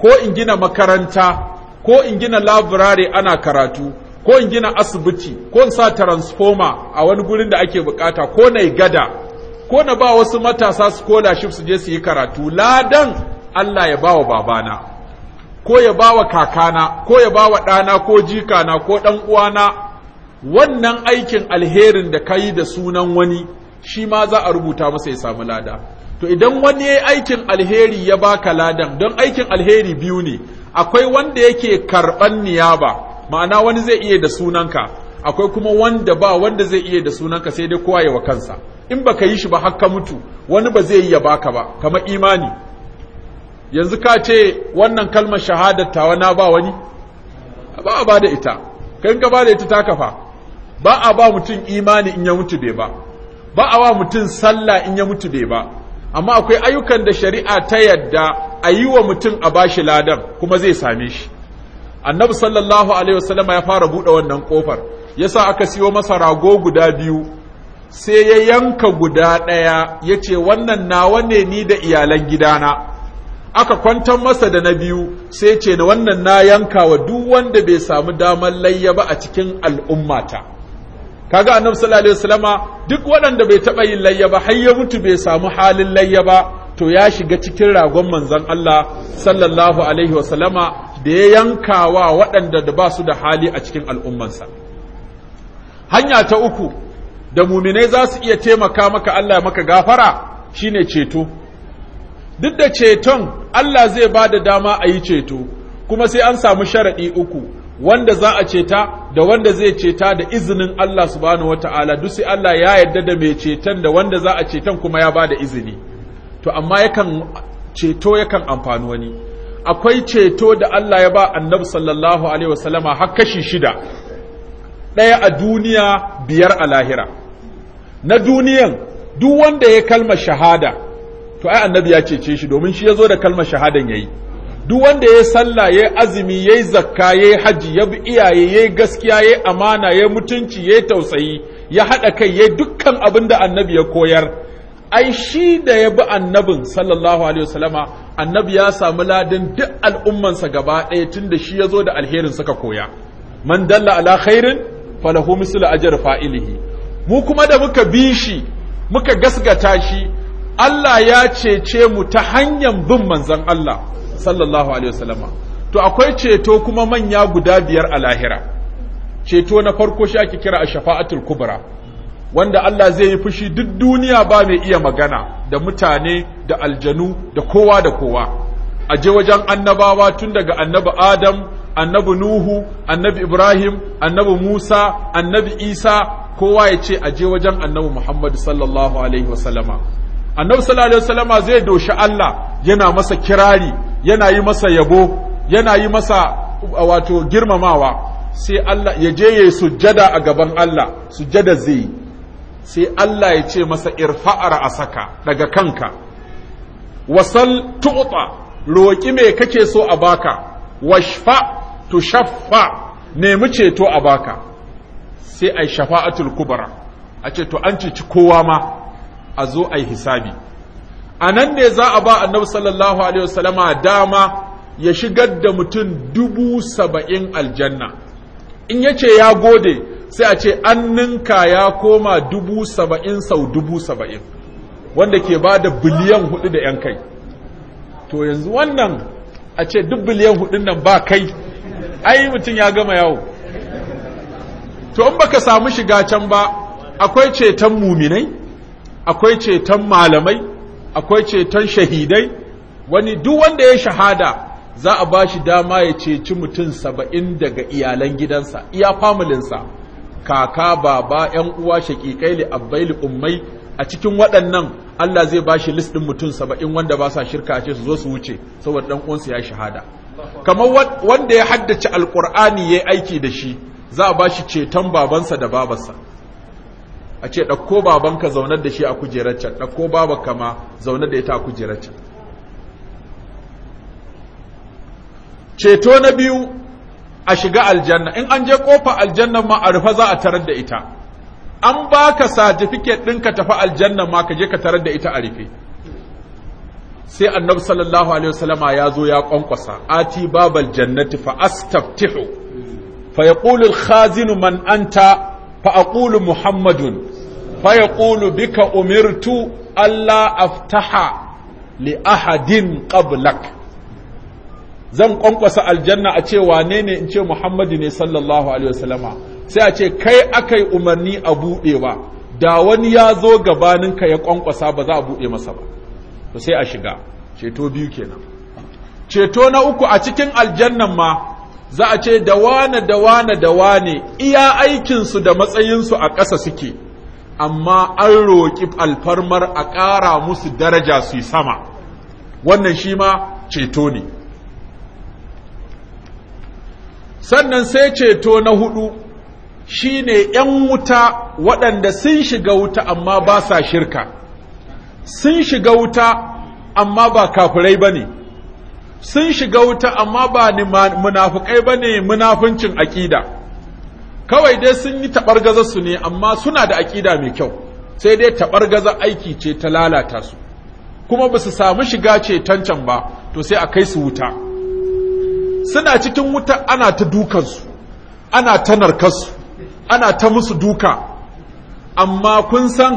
ko in gina makaranta ko in gina laburare ana karatu ko in gina asibiti ko in sa transformer a wani gurin da ake bukata ko na gada ko na ba wasu matasa scholarship su je su yi karatu ladan Allah ya bawa babana ko ya bawa kakana ko ya bawa ɗana ko jikana ko ɗan uwana wannan aikin alherin da kayi da sunan wani shi ma za a rubuta masa ya samu lada to idan wani ya aikin alheri ya baka ladan don aikin alheri biyu ne akwai wanda yake karɓan niyaba ma'ana wani zai iya da sunanka akwai kuma wanda ba wanda zai iya da sunanka sai dai kowa ya wa kansa in baka yi shi ba har ka mutu wani ba zai yi ya baka ba kamar imani yanzu ka ce wannan kalmar shahadar tawa na ba wani ba a ba da ita kan ka ba da ita ta kafa ba a ba mutum imani in ya mutu bai ba ba a ba mutum sallah in ya mutu bai ba amma akwai ayyukan da shari'a ta yadda a yi wa mutum a bashi ladan kuma zai same shi annabi sallallahu alaihi wasallam ya fara buɗe wannan kofar yasa aka siyo masa rago guda biyu sai ya yanka guda ɗaya yace wannan nawa ne ni da iyalan gidana aka kwantar masa da na biyu sai ce na wannan na yanka wa duk wanda bai samu damar layya ba a cikin al'ummata kaga annabi sallallahu alaihi wasallama duk waɗanda bai taɓa yin layya ba har ya mutu bai samu halin layya ba to ya shiga cikin ragon manzon Allah sallallahu alaihi wasallama da ya yanka wa waɗanda da ba su da hali a cikin al'ummansa hanya ta uku da muminai za su iya taimaka maka Allah ya maka gafara shine ceto duk da ceton Allah zai ba da dama a yi ceto kuma sai an samu sharaɗi uku wanda za a ceta da wanda zai ceta da izinin Allah subhanahu wataala duk sai Allah ya yarda da mai ceton da wanda za a ceton kuma ya ba da izini to amma yakan ceto yakan amfani wani akwai ceto da Allah ya ba annabi sallallahu alaihi wasallama har kashi shida ɗaya a duniya biyar a lahira na duniyan duk wanda ya kalma shahada to ai annabi ya cece shi domin shi ya zo da kalmar shahadan yayi duk wanda ya sallah ya azumi ya zakka ya haji ya bi iyaye ya yi gaskiya ya yi amana ya yi mutunci ya yi tausayi ya haɗa kai ya yi dukkan abin da annabi ya koyar ai shi da ya bi annabin sallallahu alaihi wasallama annabi ya samu ladin duk al'ummansa gaba ɗaya tun da shi ya zo da alherin suka koya man dalla ala khairin falahu mislu ajr fa'ilihi mu kuma da muka bi shi muka gasgata shi Allah ya cece mu ta hanyar bin manzon Allah sallallahu alaihi wasallama to akwai ceto kuma manya guda biyar a lahira ceto na farko shi ake kira a shafa'atul kubra wanda Allah zai yi fushi duk duniya ba mai iya magana da mutane da aljanu da kowa da kowa a je wajen annabawa tun daga annabi Adam annabi Nuhu annabi Ibrahim annabi Musa annabi Isa kowa ya ce a je wajen annabi Muhammad sallallahu alaihi wasallama annabi sallallahu alaihi wasallama zai doshi Allah yana masa kirari yana yi masa yabo yana yi masa uh, wato girmamawa sai Allah ya je ya sujjada a gaban Allah sujjada zai sai Allah ya ce masa irfa'ar asaka daga kanka wasal tuqta roki me kake so a baka washfa tushaffa nemi ceto a baka sai ai shafa'atul kubra a ce to an ci kowa ma a zo ai hisabi a nan ne za a ba annabi sallallahu alaihi wasallama dama ya shigar da mutum dubu saba'in aljanna in ya ce ya gode sai a ce an ninka ya koma dubu saba'in sau dubu saba'in wanda ke ba da biliyan hudu da yan kai to yanzu wannan a ce duk biliyan hudun nan ba kai ai mutum ya gama yawo to in baka samu shiga can ba akwai ceton muminai akwai ceton malamai akwai ceton shahidai wani duk wanda ya shahada za a ba dama ya ceci mutum saba'in daga iyalan gidansa iya familinsa kaka baba yan uwa shakikai li abbai li ummai a cikin waɗannan Allah zai ba shi listin ɗin mutum saba'in wanda ba sa shirka ce su zo su wuce saboda ɗan uwansa ya shahada kamar wanda ya haddace alƙur'ani ya aiki da shi za a ba shi ceton babansa da babarsa a ce ɗauko babanka zaunar da shi a kujerar can ɗauko babanka ma zaunar da ita a kujerar can ceto na biyu a shiga aljanna in an je kofa aljanna ma a rufe za a tarar da ita an baka certificate ɗin ka tafi aljanna ma ka je ka tarar da ita a rufe sai annabi sallallahu alaihi wasallama ya zo ya kwankwasa ati babal jannati fa astaftihu fa yaqulu al-khazinu man anta fa aqulu muhammadun fa yaqulu bika umirtu alla aftaha li ahadin qablak zan kwankwasa aljanna a ce wane ne in ce Muhammadu ne sallallahu alaihi wasallama sai a ce kai akai umarni a buɗe ba da wani ya zo ka ya kwankwasa ba za a buɗe masa ba to sai a shiga ceto biyu kenan ceto na uku a cikin aljannan ma za a ce da wane da wane da wane iya aikinsu da matsayinsu a ƙasa suke amma an roƙi alfarmar a ƙara musu daraja su yi sama wannan shi ma ceto ne sannan sai ceto na hudu shi ne ‘yan wuta waɗanda sun shiga wuta amma ba sa shirka sun shiga wuta amma ba kafirai ba ne sun shiga wuta amma ba munafukai ba ne munafuncin aƙida kawai dai sun yi taɓargazar su ne amma suna da aƙida mai kyau sai dai taɓargazar aiki ce ta lalata su kuma ba su samu shiga ce tancan ba to sai a kai su wuta suna cikin wuta ana ta dukansu ana ta narkarsu ana ta musu duka amma kun san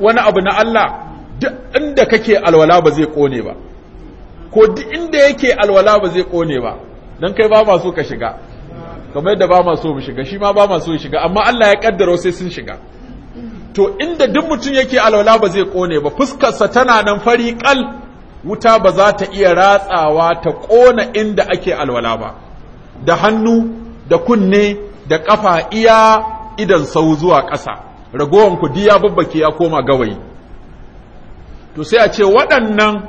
wani abu na Allah duk inda kake alwala ba zai kone ba ko duk inda yake alwala ba zai kone ba don kai ba so ka shiga kamar yadda ba ma so mu shiga shi ma ba ma so ya shiga amma Allah ya kaddara sai sun shiga to inda duk mutum yake alwala ba zai kone ba fuskarsa tana nan fari kal wuta ba za ta iya ratsawa ta kona inda ake alwala ba da hannu da kunne da kafa iya idan sau zuwa ƙasa ragowan ku diya babbake ya koma gawayi to sai a ce waɗannan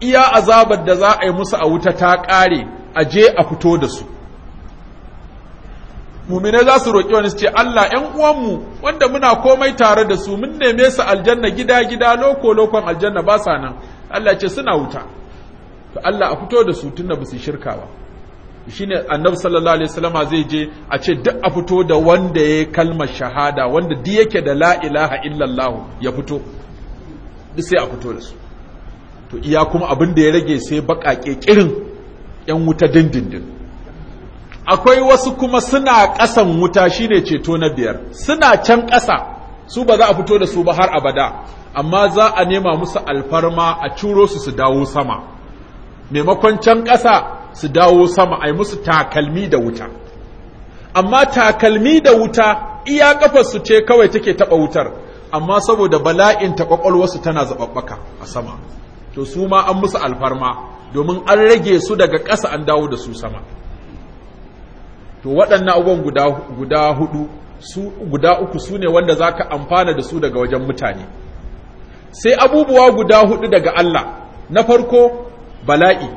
iya azabar da za a yi musu a wuta ta ƙare a je a fito da su mumine za su roƙi wani su ce Allah ‘yan uwanmu wanda muna komai tare da su mun neme su aljanna gida gida loko lokon aljanna ba sa nan Allah ce suna wuta to Allah a fito da su tunda ba su shirka ba shine annabi sallallahu alaihi wasallama zai je a ce duk a fito da wanda ya kalmar shahada wanda duk yake da la ilaha illallah ya fito duk sai a fito da su to iya kuma abin da ya rage sai baƙaƙe kirin ‘yan wuta dindindin akwai wasu kuma suna ƙasan wuta shine ceto na biyar suna can ƙasa su ba za a fito da su ba har abada amma za a nema musu alfarma a curo su su dawo sama maimakon can ƙasa su dawo sama a yi musu takalmi da wuta amma takalmi da wuta iya ƙafarsu ce kawai take taɓa wutar amma saboda bala'in taɓaƙwalwarsu tana zaɓaɓɓaka a sama to su ma an musu alfarma domin an rage su daga ƙasa an dawo da su sama to waɗannan abubuwan guda guda hudu su guda uku su ne wanda zaka amfana da su daga wajen mutane sai abubuwa guda hudu daga Allah na farko bala'i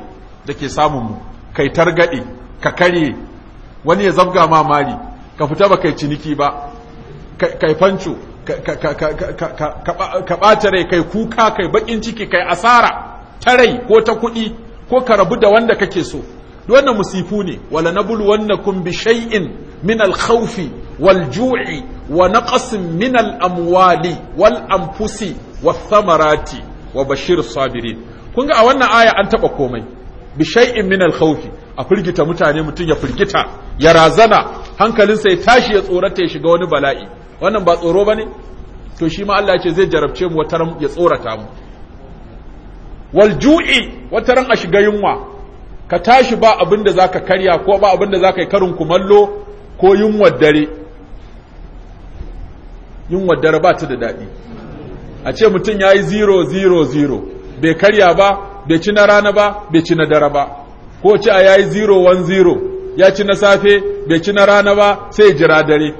dake samun mu kai targade ka karye wani ya zabga mamari ka fita ba kai ciniki ba kai fanco ka ɓata rai kai kuka kai baƙin ciki kai asara ta rai ko ta kuɗi ko ka rabu da wanda kake so duk wannan musifu ne wala kun bi shay'in min al wal ju'i wa naqsin min al-amwali wal anfusi wath samarati wa bashir sabirin kun ga a wannan aya an taba komai bi shay'in min al a firgita mutane mutun ya firgita ya razana hankalinsa ya tashi ya tsorata ya shiga wani bala'i wannan ba tsoro bane to shi ma Allah ya ce zai jarabce mu wataran ya tsorata mu wal ju'i wataran a shiga yunwa ka tashi ba abin da zaka karya ko ba abin da zaka yi karin kumallo ko yunwar dare yin dare ba ta da daɗi a ce mutum ya yi zero bai karya ba bai ci na rana ba bai ci na dare ba ko ci a ya yi ziro ya ci na safe bai ci na rana ba sai jira dare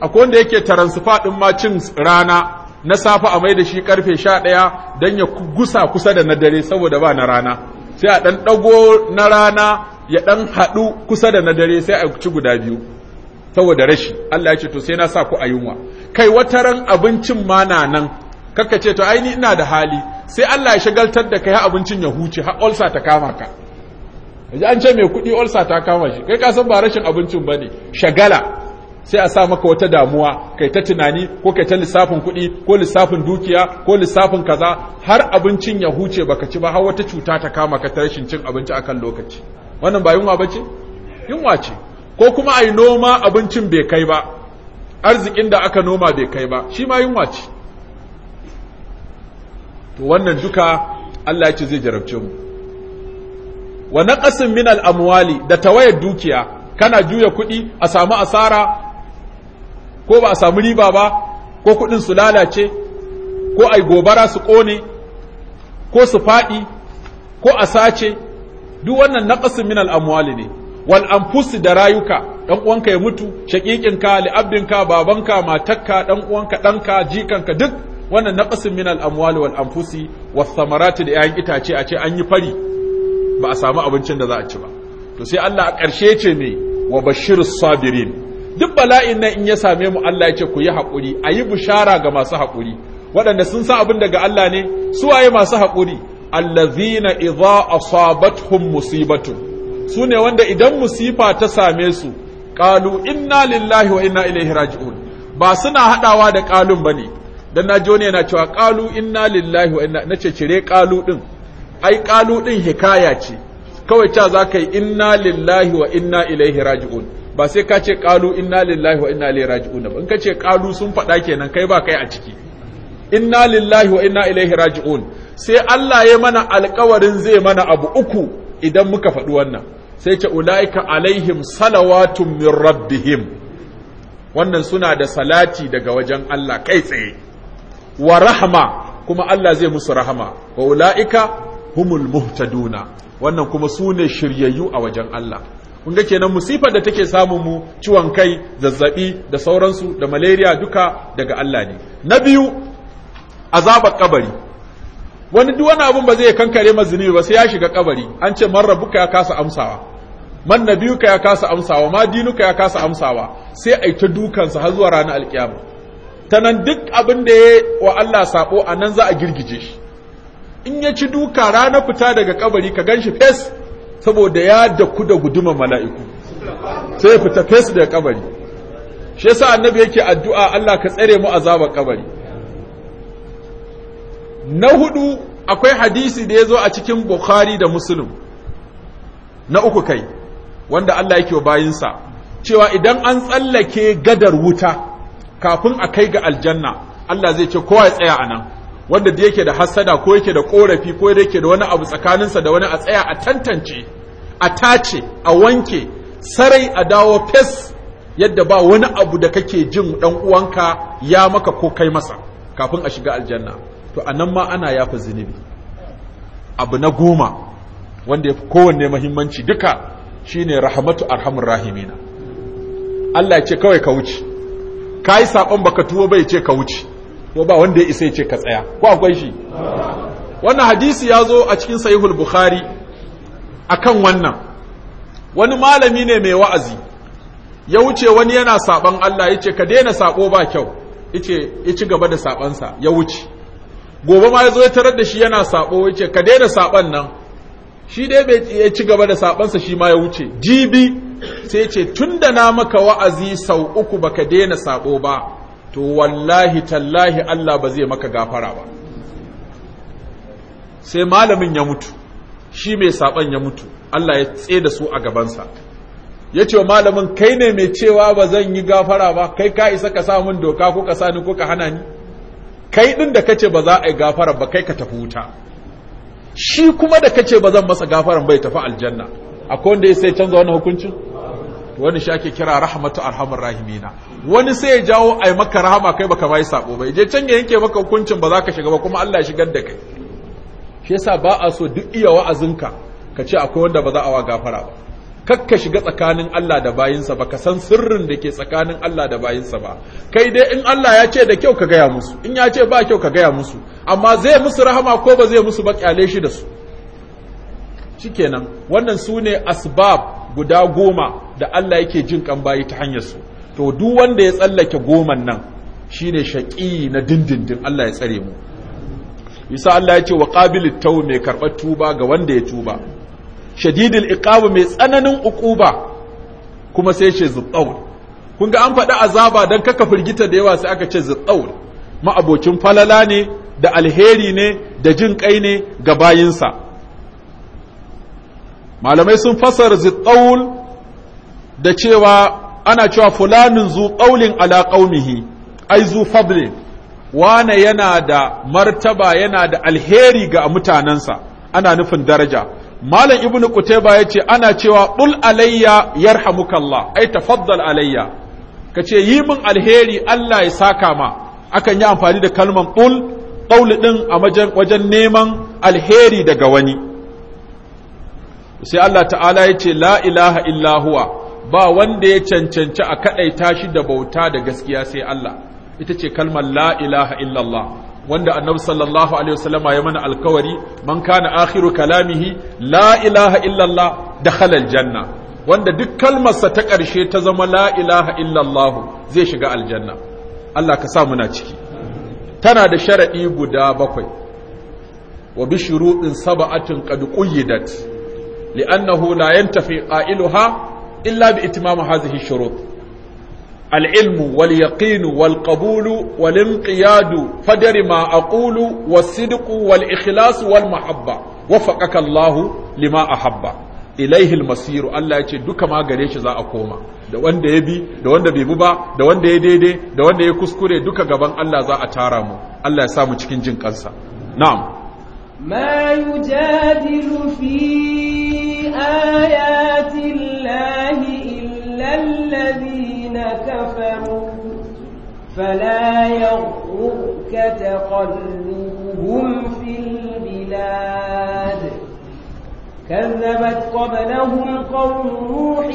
akwai wanda yake taransifa ɗin ma cin rana na safe a mai da shi karfe sha ɗaya don ya gusa kusa da na dare saboda ba na rana sai a ɗan ɗago na rana ya ɗan haɗu kusa da na dare sai a ci guda biyu saboda rashi Allah ya ce to sai na sa ku a yunwa kai wata ran abincin ma na nan kakka ce to ai ni ina da hali sai Allah ya shagaltar da kai abincin ya huce har olsa ta kama ka yaji an ce mai kuɗi olsa ta kama shi kai ka san ba rashin abincin bane shagala sai a sa maka wata damuwa kai ta tunani ko kai ta lissafin kuɗi ko lissafin dukiya ko lissafin kaza har abincin ya huce baka ci ba har wata cuta ta kama ka ta rashin cin abinci akan lokaci wannan ba yunwa bace yunwa ce ko kuma ai noma abincin bai kai ba arzikin da aka noma bai kai ba shi ma yunwa ce to wannan duka Allah ya ce zai jarabce mu wa naqasin min al-amwali da tawayyad dukiya kana juya kuɗi a samu asara ko ba a samu riba ba ko kuɗin su lalace ko ai gobara su kone, ko su faɗi ko a sace duk wannan naqasin min al'amwali ne wal anfus da rayuka dan uwanka ya mutu shaƙiƙinka, li'abdinka babanka matakka dan uwanka danka jikanka duk wannan naqasin min al'amwali wal anfusi was samarati da yayin itace a ce an yi fari ba a samu abincin da za a ci ba to sai Allah a ƙarshe ce ne wa bashirus sabirin duk bala'in nan in ya same mu Allah ya ce ku yi haƙuri a yi bushara ga masu haƙuri waɗanda sun san abin daga Allah ne su waye masu haƙuri allazina idza asabatuhum musibatu su ne wanda idan musifa ta same su qalu inna lillahi wa inna ilaihi raji'un ba suna hadawa da qalun bane dan naji wani yana cewa qalu inna lillahi wa inna nace cire qalu din ai qalu din hikaya ce kawai ta zakai inna lillahi wa inna ilaihi raji'un ba sai ka ce ƙalu inna lillahi wa inna ilaihi raji'un ba in ka ce ƙalu sun faɗa kenan kai ba kai a ciki inna lillahi wa inna ilaihi raji'un sai Allah ya mana alƙawarin zai mana abu uku idan muka faɗi wannan sai ce ulaika alaihim salawatun min rabbihim wannan suna da salati daga wajen Allah kai tsaye wa rahma kuma Allah zai musu rahama wa ulaika humul muhtaduna wannan kuma su ne shiryayyu a wajen Allah kun ga kenan musifar da take samun mu ciwon kai zazzabi da sauransu da malaria duka daga Allah ne na biyu azabar kabari wani duk wani abun ba zai kankare zunubi ba sai ya shiga kabari an ce man rabuka ya kasa amsawa man nabiyuka ya kasa amsawa ma dinuka ya kasa amsawa sai ai ta dukansa har zuwa ranar alkiyama ta nan duk abin da ya wa Allah sabo a nan za a girgije shi in ya ci duka ranar fita daga kabari ka gan shi fes saboda ya daku da guduma mala'iku sai ya fita fesu daga kabari shi yasa annabi yake addu'a Allah ka tsare mu azabar kabari na hudu akwai hadisi da ya zo a cikin bukhari da Musulun. na uku kai wanda Allah yake wa bayinsa cewa idan an tsallake gadar wuta kafin a kai ga aljanna Allah zai ce kowa ya tsaya a nan wanda da yake da hasada ko yake da korafi ko yake da wani abu tsakaninsa da wani a tsaya a tantance a tace a wanke sarai a dawo fes yadda ba wani abu da kake jin dan uwanka ya maka ko kai masa kafin a shiga aljanna to anan ma ana yafa zunubi abu na goma wanda yafi kowanne muhimmanci duka shine rahmatu arhamur rahimina Allah ya ce kawai ka wuce kai sabon baka tuwo bai ce ka wuce ko ba wanda ya isa ya ce ka tsaya ko akwai shi wannan hadisi ya zo a cikin sahihul bukhari akan wannan wani malami ne mai wa'azi ya wuce wani yana saban Allah yace ka daina sabo ba kyau yace ya ci gaba da sabansa ya wuce gobe ma ya zo ya tarar da shi yana sabo yace ka daina saban nan shi dai bai ya ci gaba da sabansa shi ma ya wuce jibi sai yace tunda na maka wa'azi sau uku baka daina sabo ba to wallahi tallahi Allah ba zai maka gafara ba sai malamin ya mutu shi mai saban ya mutu Allah ya tse da su a gabansa ya ce wa malamin kai ne mai cewa ba zan yi gafara ba kai ka isa ka sa samun doka ko ka sani ko ka hana ni kai din da kace ba za a yi gafara ba kai ka tafi wuta shi kuma da kace ba zan masa gafaran bai tafi aljanna akwai wanda ya sai canza wani hukuncin wani shi ake kira rahmatu arhamar rahimina wani sai ya jawo ai maka rahama kai baka mai sabo ba je can ya yanke maka hukuncin ba za ka shiga ba kuma Allah ya shigar da kai shi yasa ba a so duk iya wa'azin ka ce akwai wanda ba za a wa gafara ba kakka shiga tsakanin Allah da bayinsa ba ka san sirrin da ke tsakanin Allah da bayinsa ba kai dai in Allah ya ce da kyau ka gaya musu in ya ce ba kyau ka gaya musu amma zai musu rahama ko ba zai musu ba kyale shi da su shikenan wannan sune asbab guda goma da Allah yake jin kan bayi ta hanyar su to duk wanda ya tsallake goman nan shine shaqi na dindindin Allah ya tsare mu isa Allah ya ce wa qabilit tau mai karbar tuba ga wanda ya tuba shadidul iqab mai tsananin uquba kuma sai ce zuttaur kun ga an faɗi azaba dan kaka firgita da yawa sai aka ce ma Ma'abokin falala ne da alheri ne da jin kai ne ga bayinsa malamai sun fasara zittaul da cewa ana cewa fulanin zu ƙaulin ala qaumihi ai zu fable wane yana da martaba yana da alheri ga mutanensa ana nufin daraja malam ibnu ya yace ana cewa dul alayya yarhamukallah ai tafaddal alayya kace yi min alheri Allah ya saka ma akan yi amfani da kalman dul qauli ɗin a wajen neman alheri daga wani sai Allah ta'ala yace la ilaha illa huwa ba wanda ya cancanci a kaɗaita shi da bauta da gaskiya sai Allah ita ce kalmar la ilaha illallah wanda annabi sallallahu alaihi wasallama ya mana alkawari man kana akhiru kalamihi la ilaha illallah dakhala aljanna wanda duk kalmarsa ta ƙarshe ta zama la ilaha illallah zai shiga aljanna Allah ka sa muna ciki tana da sharadi guda bakwai wa bi shuruɗin sab'atin qad quyidat li'annahu la yantafi qailuha illa bi itimamu hadhihi shurut العلم واليقين والقبول والانقياد فدر ما أقول والصدق والإخلاص والمحبة وفقك الله لما أحب إليه المصير الله يجي دوكا ما غريش ذا أقوما da wanda ya bi da wanda bai bi ba da wanda ya daidai da wanda ya kuskure duka gaban Allah za a tara mu Allah ya sa mu cikin jin kansa na'am ما يجادل في آيات الله إلا الذين كفروا فلا يغرك تقلبهم في البلاد كذبت قبلهم قوم نوح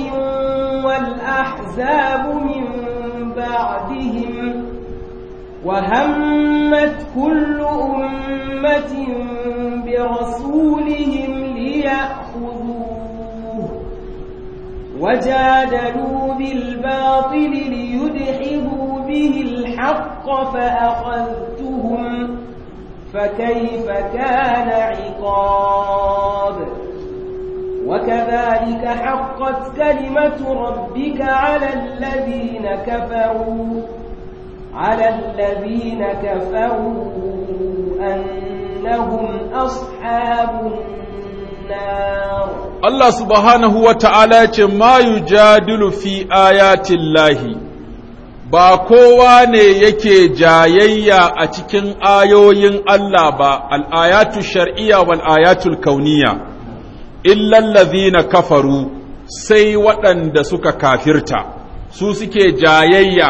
والأحزاب من بعدهم وهمت كل أمة برسولهم ليأخذوه وجادلوا بالباطل ليدحضوا به الحق فأخذتهم فكيف كان عقاب وكذلك حقت كلمة ربك على الذين كفروا على الذين كفروا أن لهم أصحاب النار الله سبحانه وتعالى ما يجادل في آيات الله ba kowa ne yake jayayya a cikin ayoyin Allah ba al'ayatu shar'iyya wal ayatul kauniya na kafaru sai waɗanda suka kafirta su suke jayayya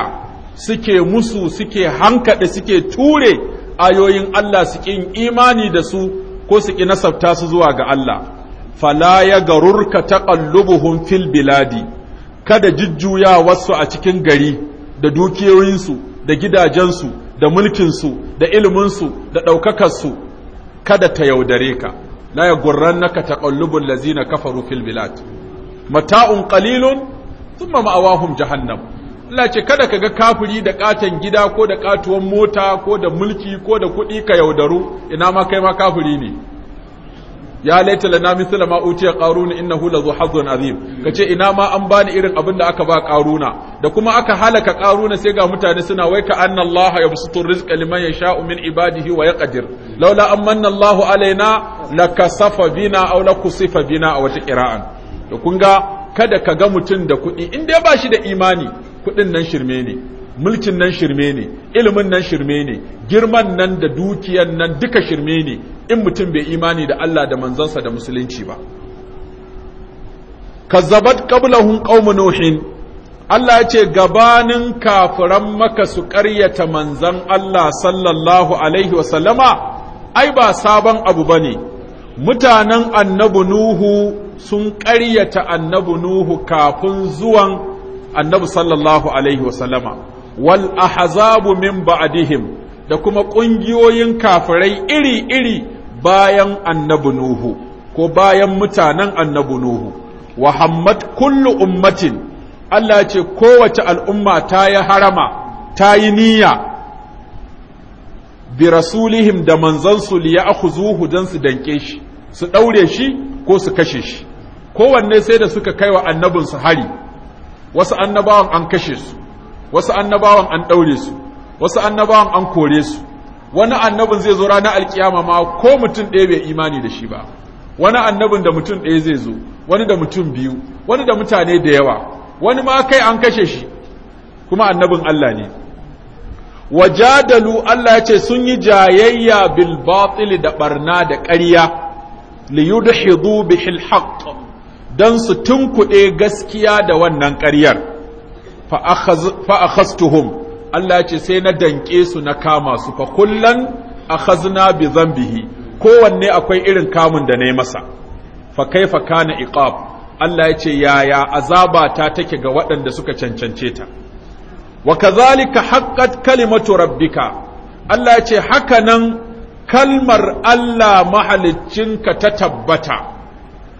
suke musu suke hankaɗe suke ture ayoyin Allah su ƙin imani da su ko su ƙi nasabta su zuwa ga Allah fala ya garurka taqallubuhum fil biladi kada jujjuya wasu a cikin gari da dukiyoyinsu da gidajensu da mulkinsu da iliminsu da ɗaukakarsu kada ta yaudare ka la ya gurrannaka taqallubul lazina kafaru fil bilad mata'un qalilun thumma ma'awahum jahannam Allah ce kada ka ga kafiri da katan gida ko da katuwan mota ko da mulki ko da kuɗi ka yaudaru ina ma kai ma kafiri ne ya laita lana misla ma utiya qaruna innahu la zuhadun azim kace ina ma an bani irin abin da aka ba qaruna da kuma aka halaka qaruna sai ga mutane suna wai ka anna allaha yabsutu rizqa liman yasha'u min ibadihi wa yaqdir laula amanna allah alaina lakasafa bina aw lakusifa bina aw wata qira'an to kun ga kada ka ga mutun da kuɗi in dai ba shi da imani kudin nan shirme ne mulkin nan shirme ne ilimin nan shirme ne girman nan da dukiyan nan duka shirme ne in mutum bai imani da Allah da manzansa da musulunci ba kazzabat qablahum qaum nuhin Allah ya ce gabanin kafiran maka su ƙaryata manzan Allah sallallahu alaihi wa sallama ai ba sabon abu bane mutanen annabi nuhu sun ƙaryata annabi nuhu kafin zuwan annabi sallallahu alaihi wasallama wal ahzabu min ba'dihim da kuma ƙungiyoyin kafirai iri-iri bayan annabi nuhu ko bayan mutanen annabi nuhu wa hammat kullu ummatin Allah ce kowace al'umma ta yi harama ta yi niyya bi rasulihim da manzansu liya akhuzuhu dan su danke shi su ɗaure shi ko su kashe shi kowanne sai da suka kaiwa annabinsu hari wasu annabawan an kashe su wasu annabawan an daure su wasu annabawan an kore su wani annabin zai zo ranar alkiyama ma ko mutum ɗaya bai imani da shi ba wani annabin da mutum ɗaya zai zo wani da mutum biyu wani da mutane da yawa wani ma kai an kashe shi kuma annabin Allah ne wajadalu Allah ya ce sun yi jayayya bil batil da barna da ƙarya li yudhidu bihil haqq don su tun tunkuɗe gaskiya da wannan ƙaryar fa'akhastuhum Allah ce sai na danƙe su na kama su fa a akhazna bi bihi. kowanne akwai irin kamun da na yi masa fa kaifa kana iqab Allah ya ce yaya azaba ta take ga waɗanda suka cancance ta wa kazalika haqqat kalimatu rabbika Allah ya ce haka nan kalmar Allah mahaliccinka ta tabbata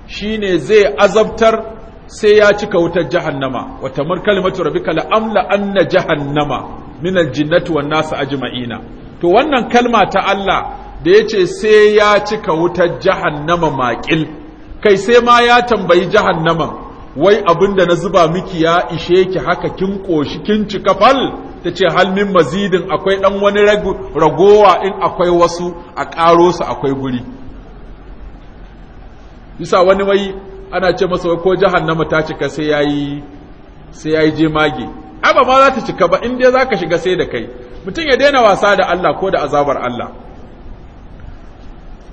shine zai azabtar sai ya cika wutar jahannama wata tamar kalimatu rabbika la amla anna jahannama min aljinnati wan nas ajma'ina to wannan kalma ta Allah da yace sai ya cika wutar jahannama maƙil kai sai ma ya tambayi jahannama wai da na zuba miki ya ishe ki haka kin koshi kin cika fal tace hal min mazidin akwai ɗan wani ragowa in akwai wasu a ƙaro su akwai guri bisa wani wai ana ce masa ko jahannama ta cika sai yayi sai yayi jemage amma ba za ta cika ba in dai zaka shiga sai da kai mutum ya daina wasa da Allah ko da azabar Allah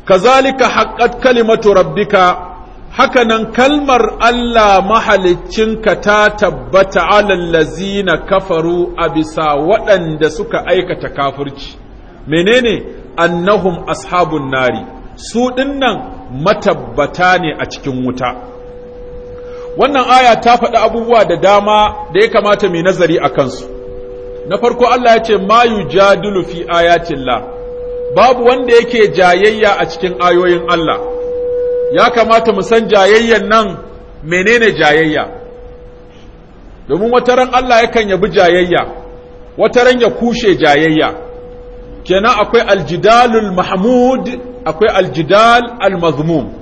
kazalika haqqat kalimatu rabbika nan kalmar Allah ka ta tabbata alal lazina kafaru a bisa waɗanda suka aikata kafirci menene annahum ashabun nari su dinnan matabbata ne a cikin wuta wannan aya ta faɗi abubuwa da dama da ya kamata mai nazari a kansu na farko Allah ya ce ma yujadilu fi la babu wanda yake jayayya a cikin ayoyin Allah ya kamata mu san jayayyan nan menene jayayya domin wataran Allah yakan yabi jayayya wataran ya kushe jayayya kenan akwai aljidalul mahmud akwai aljidal almazmum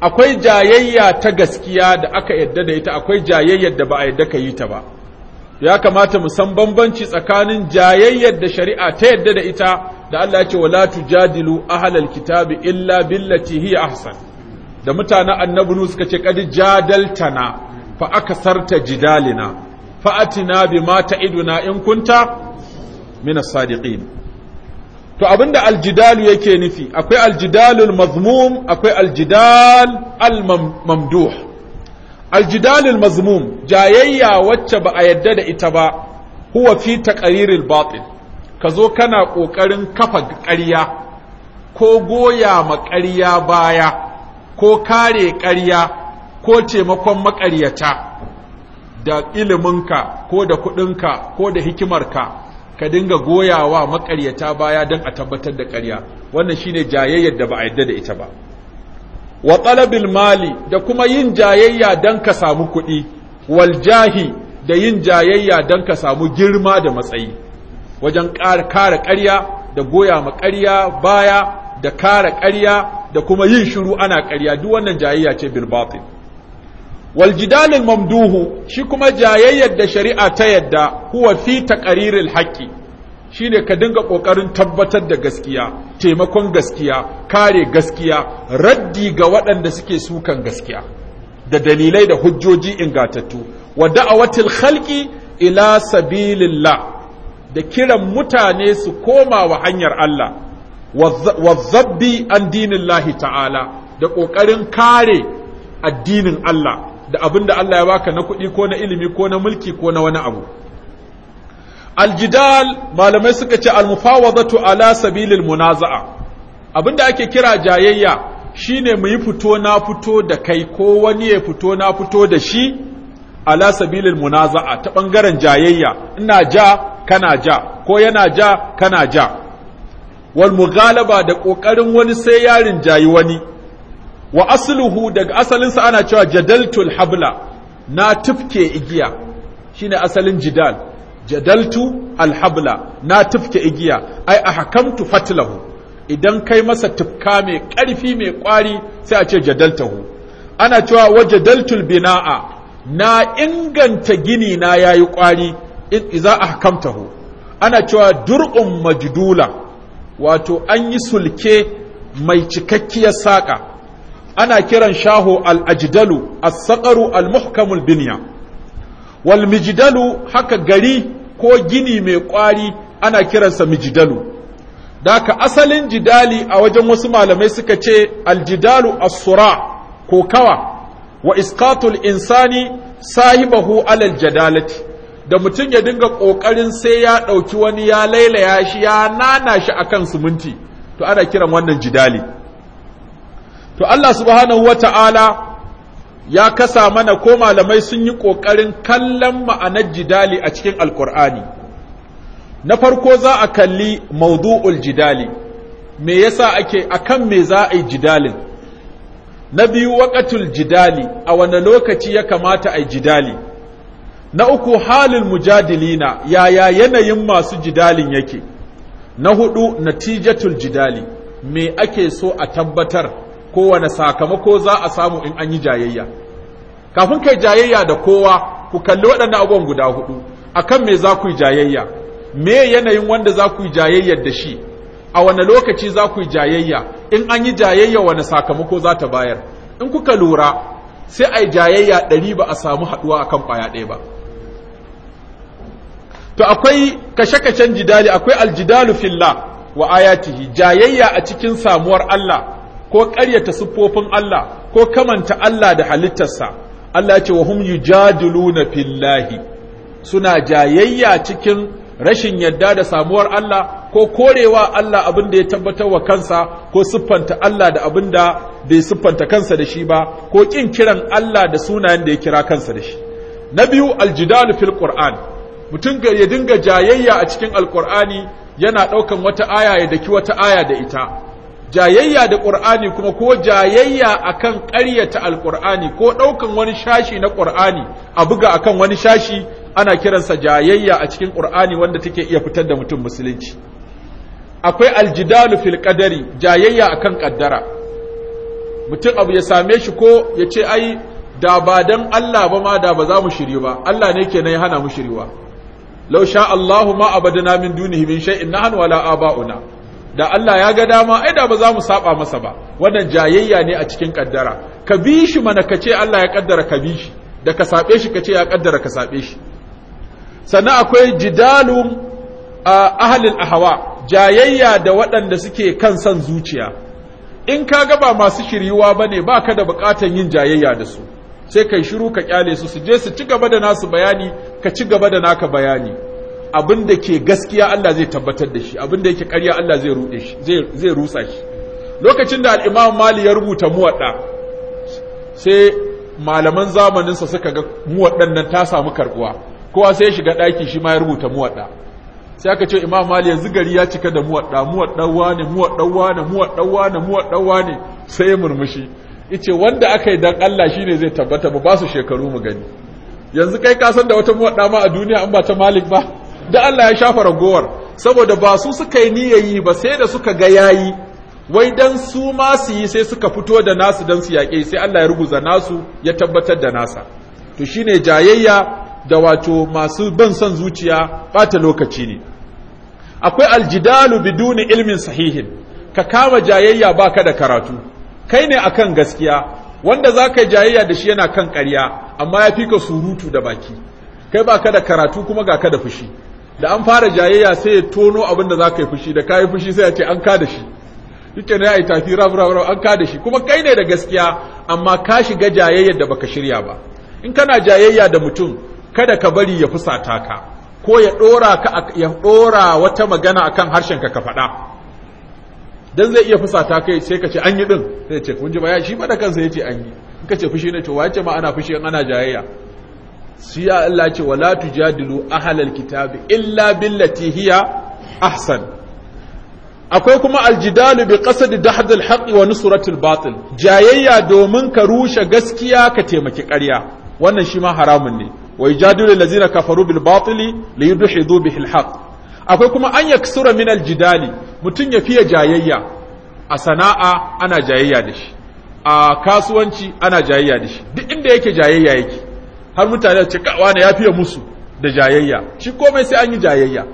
akwai jayayya ta gaskiya da aka yadda da ita akwai jayayyar da ba a yadda ka yi ta ba ya kamata mu san bambanci tsakanin jayayyar da shari'a ta yadda da ita da Allah ya ce wala tujadilu ahlal kitabi illa billati hiya ahsan da mutanen annabi nu suka ce kad jadaltana fa akasarta jidalina fa atina bima ta'iduna in kunta min as-sadiqin to abinda aljidalu yake nufi akwai aljidalul mazmum akwai aljidal al-mamduh aljidalul mazmum jayayya wacce ba a yadda da ita ba huwa fi taqariril batil kazo kana kokarin kafa ƙarya ko goya ma ƙarya baya ko kare ƙarya ko taimakon maƙaryata da iliminka ko da kuɗinka ko da hikimarka ka dinga goyawa makaryata baya don a tabbatar da ƙarya wannan shine jayayyar da ba a yadda da ita ba wa talabil mali da kuma yin jayayya don ka samu kuɗi wal jahi da yin jayayya don ka samu girma da matsayi wajen kare ƙarya da goya makarya baya da kare ƙarya da kuma yin shiru ana ƙarya duk wannan jayayya ce bil batil Waljidalin mamduhu shi kuma jayayyar da shari'a ta yadda huwa fi taqriril shi shine ka dinga ƙoƙarin tabbatar da gaskiya taimakon gaskiya kare gaskiya raddi ga waɗanda suke sukan gaskiya da dalilai da hujjoji ingatattu wa da'awatil khalqi ila sabilillah da kiran mutane su koma wa hanyar Allah wa zabbi an dinillahi ta'ala da ƙoƙarin kare addinin Allah da abin da Allah ya baka na kuɗi ko na ilimi ko na mulki ko na wani abu aljidal malamai suka ce almufawadatu ala sabilil munaza'a abin da ake kira jayayya shine mu yi fito na fito da kai ko wani ya fito na fito da shi ala sabilil munaza'a ta ɓangaren jayayya ina ja kana ja ko yana ja kana ja wal mughalaba da ƙoƙarin wani sai yarin jayi wani wa asluhu daga asalinsa ana cewa jadaltul habla na tufke igiya shine asalin jidal jadaltu alhabla na tufke igiya ai ahkamtu fatlahu idan kai masa tufka mai ƙarfi mai ƙwari sai a ce jadaltahu ana cewa wa jadaltul bina'a na inganta gini na yayi ƙwari idza ahkamtahu ana cewa dur'un majdula wato an yi sulke mai cikakkiyar saƙa ana kiran shaho al-ajdalu as-saqaru al-muhkamul binya wal mijdalu haka gari ko gini mai kwari ana kiransa mijdalu daka asalin jidali a wajen wasu malamai suka ce aljidalu as-sura ko kawa wa isqatul insani sahibahu alal jadalati da mutum ya dinga kokarin sai ya dauki wani ya lailaya shi ya nana shi akan suminti to ana kiran wannan jidali to Allah subhanahu wata'ala ya kasa mana ko malamai sun yi ƙoƙarin kallon ma'anar jidali a cikin alkur'ani na farko za a kalli maudu'ul jidali me yasa ake akan me za a yi jidalin na biyu waƙatul jidali a wane lokaci ya kamata a yi jidali na uku halin mujadilina yaya yanayin masu jidalin yake na hudu natijatul jidali me ake so a tabbatar kowane sakamako za a samu in an yi jayayya kafin kai jayayya da kowa ku kalli waɗannan abubuwan guda hudu akan me za ku yi jayayya me yanayin wanda za ku yi jayayyar da shi a wane lokaci za ku yi jayayya in an yi jayayya wane sakamako za ta bayar in kuka lura sai a yi jayayya ɗari ba a samu haɗuwa akan ƙwaya ɗaya ba to akwai kashe-kashen jidali akwai aljidalu filla wa ayatihi jayayya a cikin samuwar Allah ko ƙaryata siffofin Allah ko kamanta Allah da halittarsa Allah ce wa hum yujadiluna fillahi suna jayayya cikin rashin yadda da samuwar Allah ko korewa Allah abin da ya tabbatar wa kansa ko siffanta Allah da abin da bai siffanta kansa da shi ba ko kin kiran Allah da sunayen da ya kira kansa da shi na biyu aljidal fil qur'an mutum ya dinga jayayya a cikin alqur'ani yana daukan wata aya ya daki wata aya da ita jayayya da ƙur'ani kuma ko jayayya akan ƙaryata alƙur'ani ko ɗaukan wani shashi na ƙur'ani a buga akan wani shashi ana kiransa jayayya a cikin ƙur'ani wanda take iya fitar da mutum musulunci akwai aljidalu fil qadari jayayya akan ƙaddara mutum abu ya same shi ko ya ce ai da ba dan Allah ba ma da ba za mu shiryu ba Allah ne ke nan hana mu shiryuwa law sha Allahu ma abadana min dunihi min shay'in nahnu wala aba'una da Allah ya ga dama ai da ba za mu saba masa ba wannan jayayya ne a cikin kaddara ka bi shi mana ka ce Allah ya kaddara ka bi shi da ka sabe shi ka ce ya kaddara ka sabe shi sannan akwai jidalun ahlul ahwa jayayya da waɗanda suke kan son zuciya in ka ga ba masu shiryuwa bane ba ka da buƙatar yin jayayya da su sai kai shiru ka kyale su su je su ci gaba da nasu bayani ka ci gaba da naka bayani abin da ke gaskiya Allah zai tabbatar da shi abin da yake ƙarya Allah zai ruɗe shi zai rusa shi lokacin da al-Imam Mali ya rubuta muwadda sai malaman zamaninsa suka ga muwaddan nan ta samu karbuwa kowa sai ya shiga ɗaki shi ma ya rubuta muwadda sai aka ce Imam Mali yanzu gari ya cika da muwadda wane wane wane sai ya murmushi yace wanda aka yi dan Allah shine zai tabbata ba ba su shekaru mu gani yanzu kai ka san da wata muwadda ma a duniya an ba ta Malik ba da Allah ya shafa ragowar saboda ba su suka yi niyayi ba sai da suka ga yayi wai dan su ma su yi sai suka fito da nasu dan su yaƙe sai Allah ya ruguza nasu ya tabbatar da nasa to shine jayayya da wato masu ban son zuciya bata lokaci ne akwai aljidalu biduni ilmin sahihin ka kama jayayya baka da karatu kai ne akan gaskiya wanda za ka jayayya da shi yana kan ƙarya amma ya fi ka surutu da baki kai baka da karatu kuma ga ka da fushi da an fara jayayya sai ya tono abin da za ka yi fushi da ka yi fushi sai ya ce an ka da shi duka ne ya yi tafi rabu rabu an ka da shi kuma kai ne da gaskiya amma ka shiga jayayyar da baka shirya ba in kana jayayya da mutum kada ka bari ya fusata ka ko ya dora wata magana akan harshen ka ka faɗa dan zai iya fusata kai sai ka ce an yi din sai ce kun ji ba ya shi ba da kansa yace an yi in ka ce fushi ne to wace ma ana fushi in ana jayayya shi ya Allah ce wala tujadilu ahlal kitabi illa billati hiya ahsan akwai kuma aljidalu bi qasdi dahd alhaq wa nusrat batil jayayya domin ka rushe gaskiya ka taimaki ƙarya wannan shi ma haramun ne wa jadilu allazina kafaru bil batili li yudhidu bihi alhaq akwai kuma an yaksura min aljidali mutun ya fiye jayayya a sana'a ana jayayya da shi a kasuwanci ana jayayya da shi duk inda yake jayayya yake har mutane ce kawa ya fiye musu da jayayya shi komai sai an yi jayayya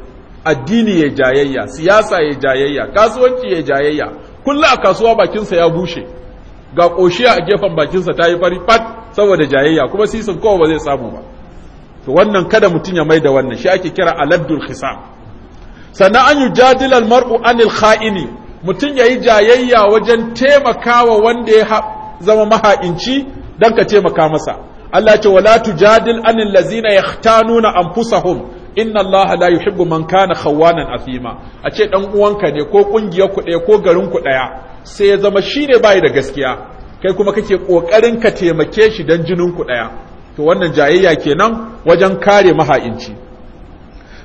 addini ya jayayya siyasa ya jayayya kasuwanci ya jayayya Kullum a kasuwa bakinsa ya bushe ga koshiya a gefen bakinsa ta yi fari fat saboda jayayya kuma sisan kowa ba zai samu ba to wannan kada mutum ya mai da wannan shi ake kira aladdul hisab sannan an yujadil al mar'u anil kha'ini mutum yayi jayayya wajen taimakawa wanda ya zama maha'inci dan ka taimaka masa Allah ce wala tujadil anil lazina yahtanuna anfusahum inna Allah la yuhibbu man kana khawanan athima a ce dan uwanka ne ko kungiyar ku ɗaya ko garin ku ɗaya sai ya zama shine bai da gaskiya kai kuma kake kokarin ka taimake shi dan jinin ku ɗaya to wannan jayayya kenan wajen kare maha'inci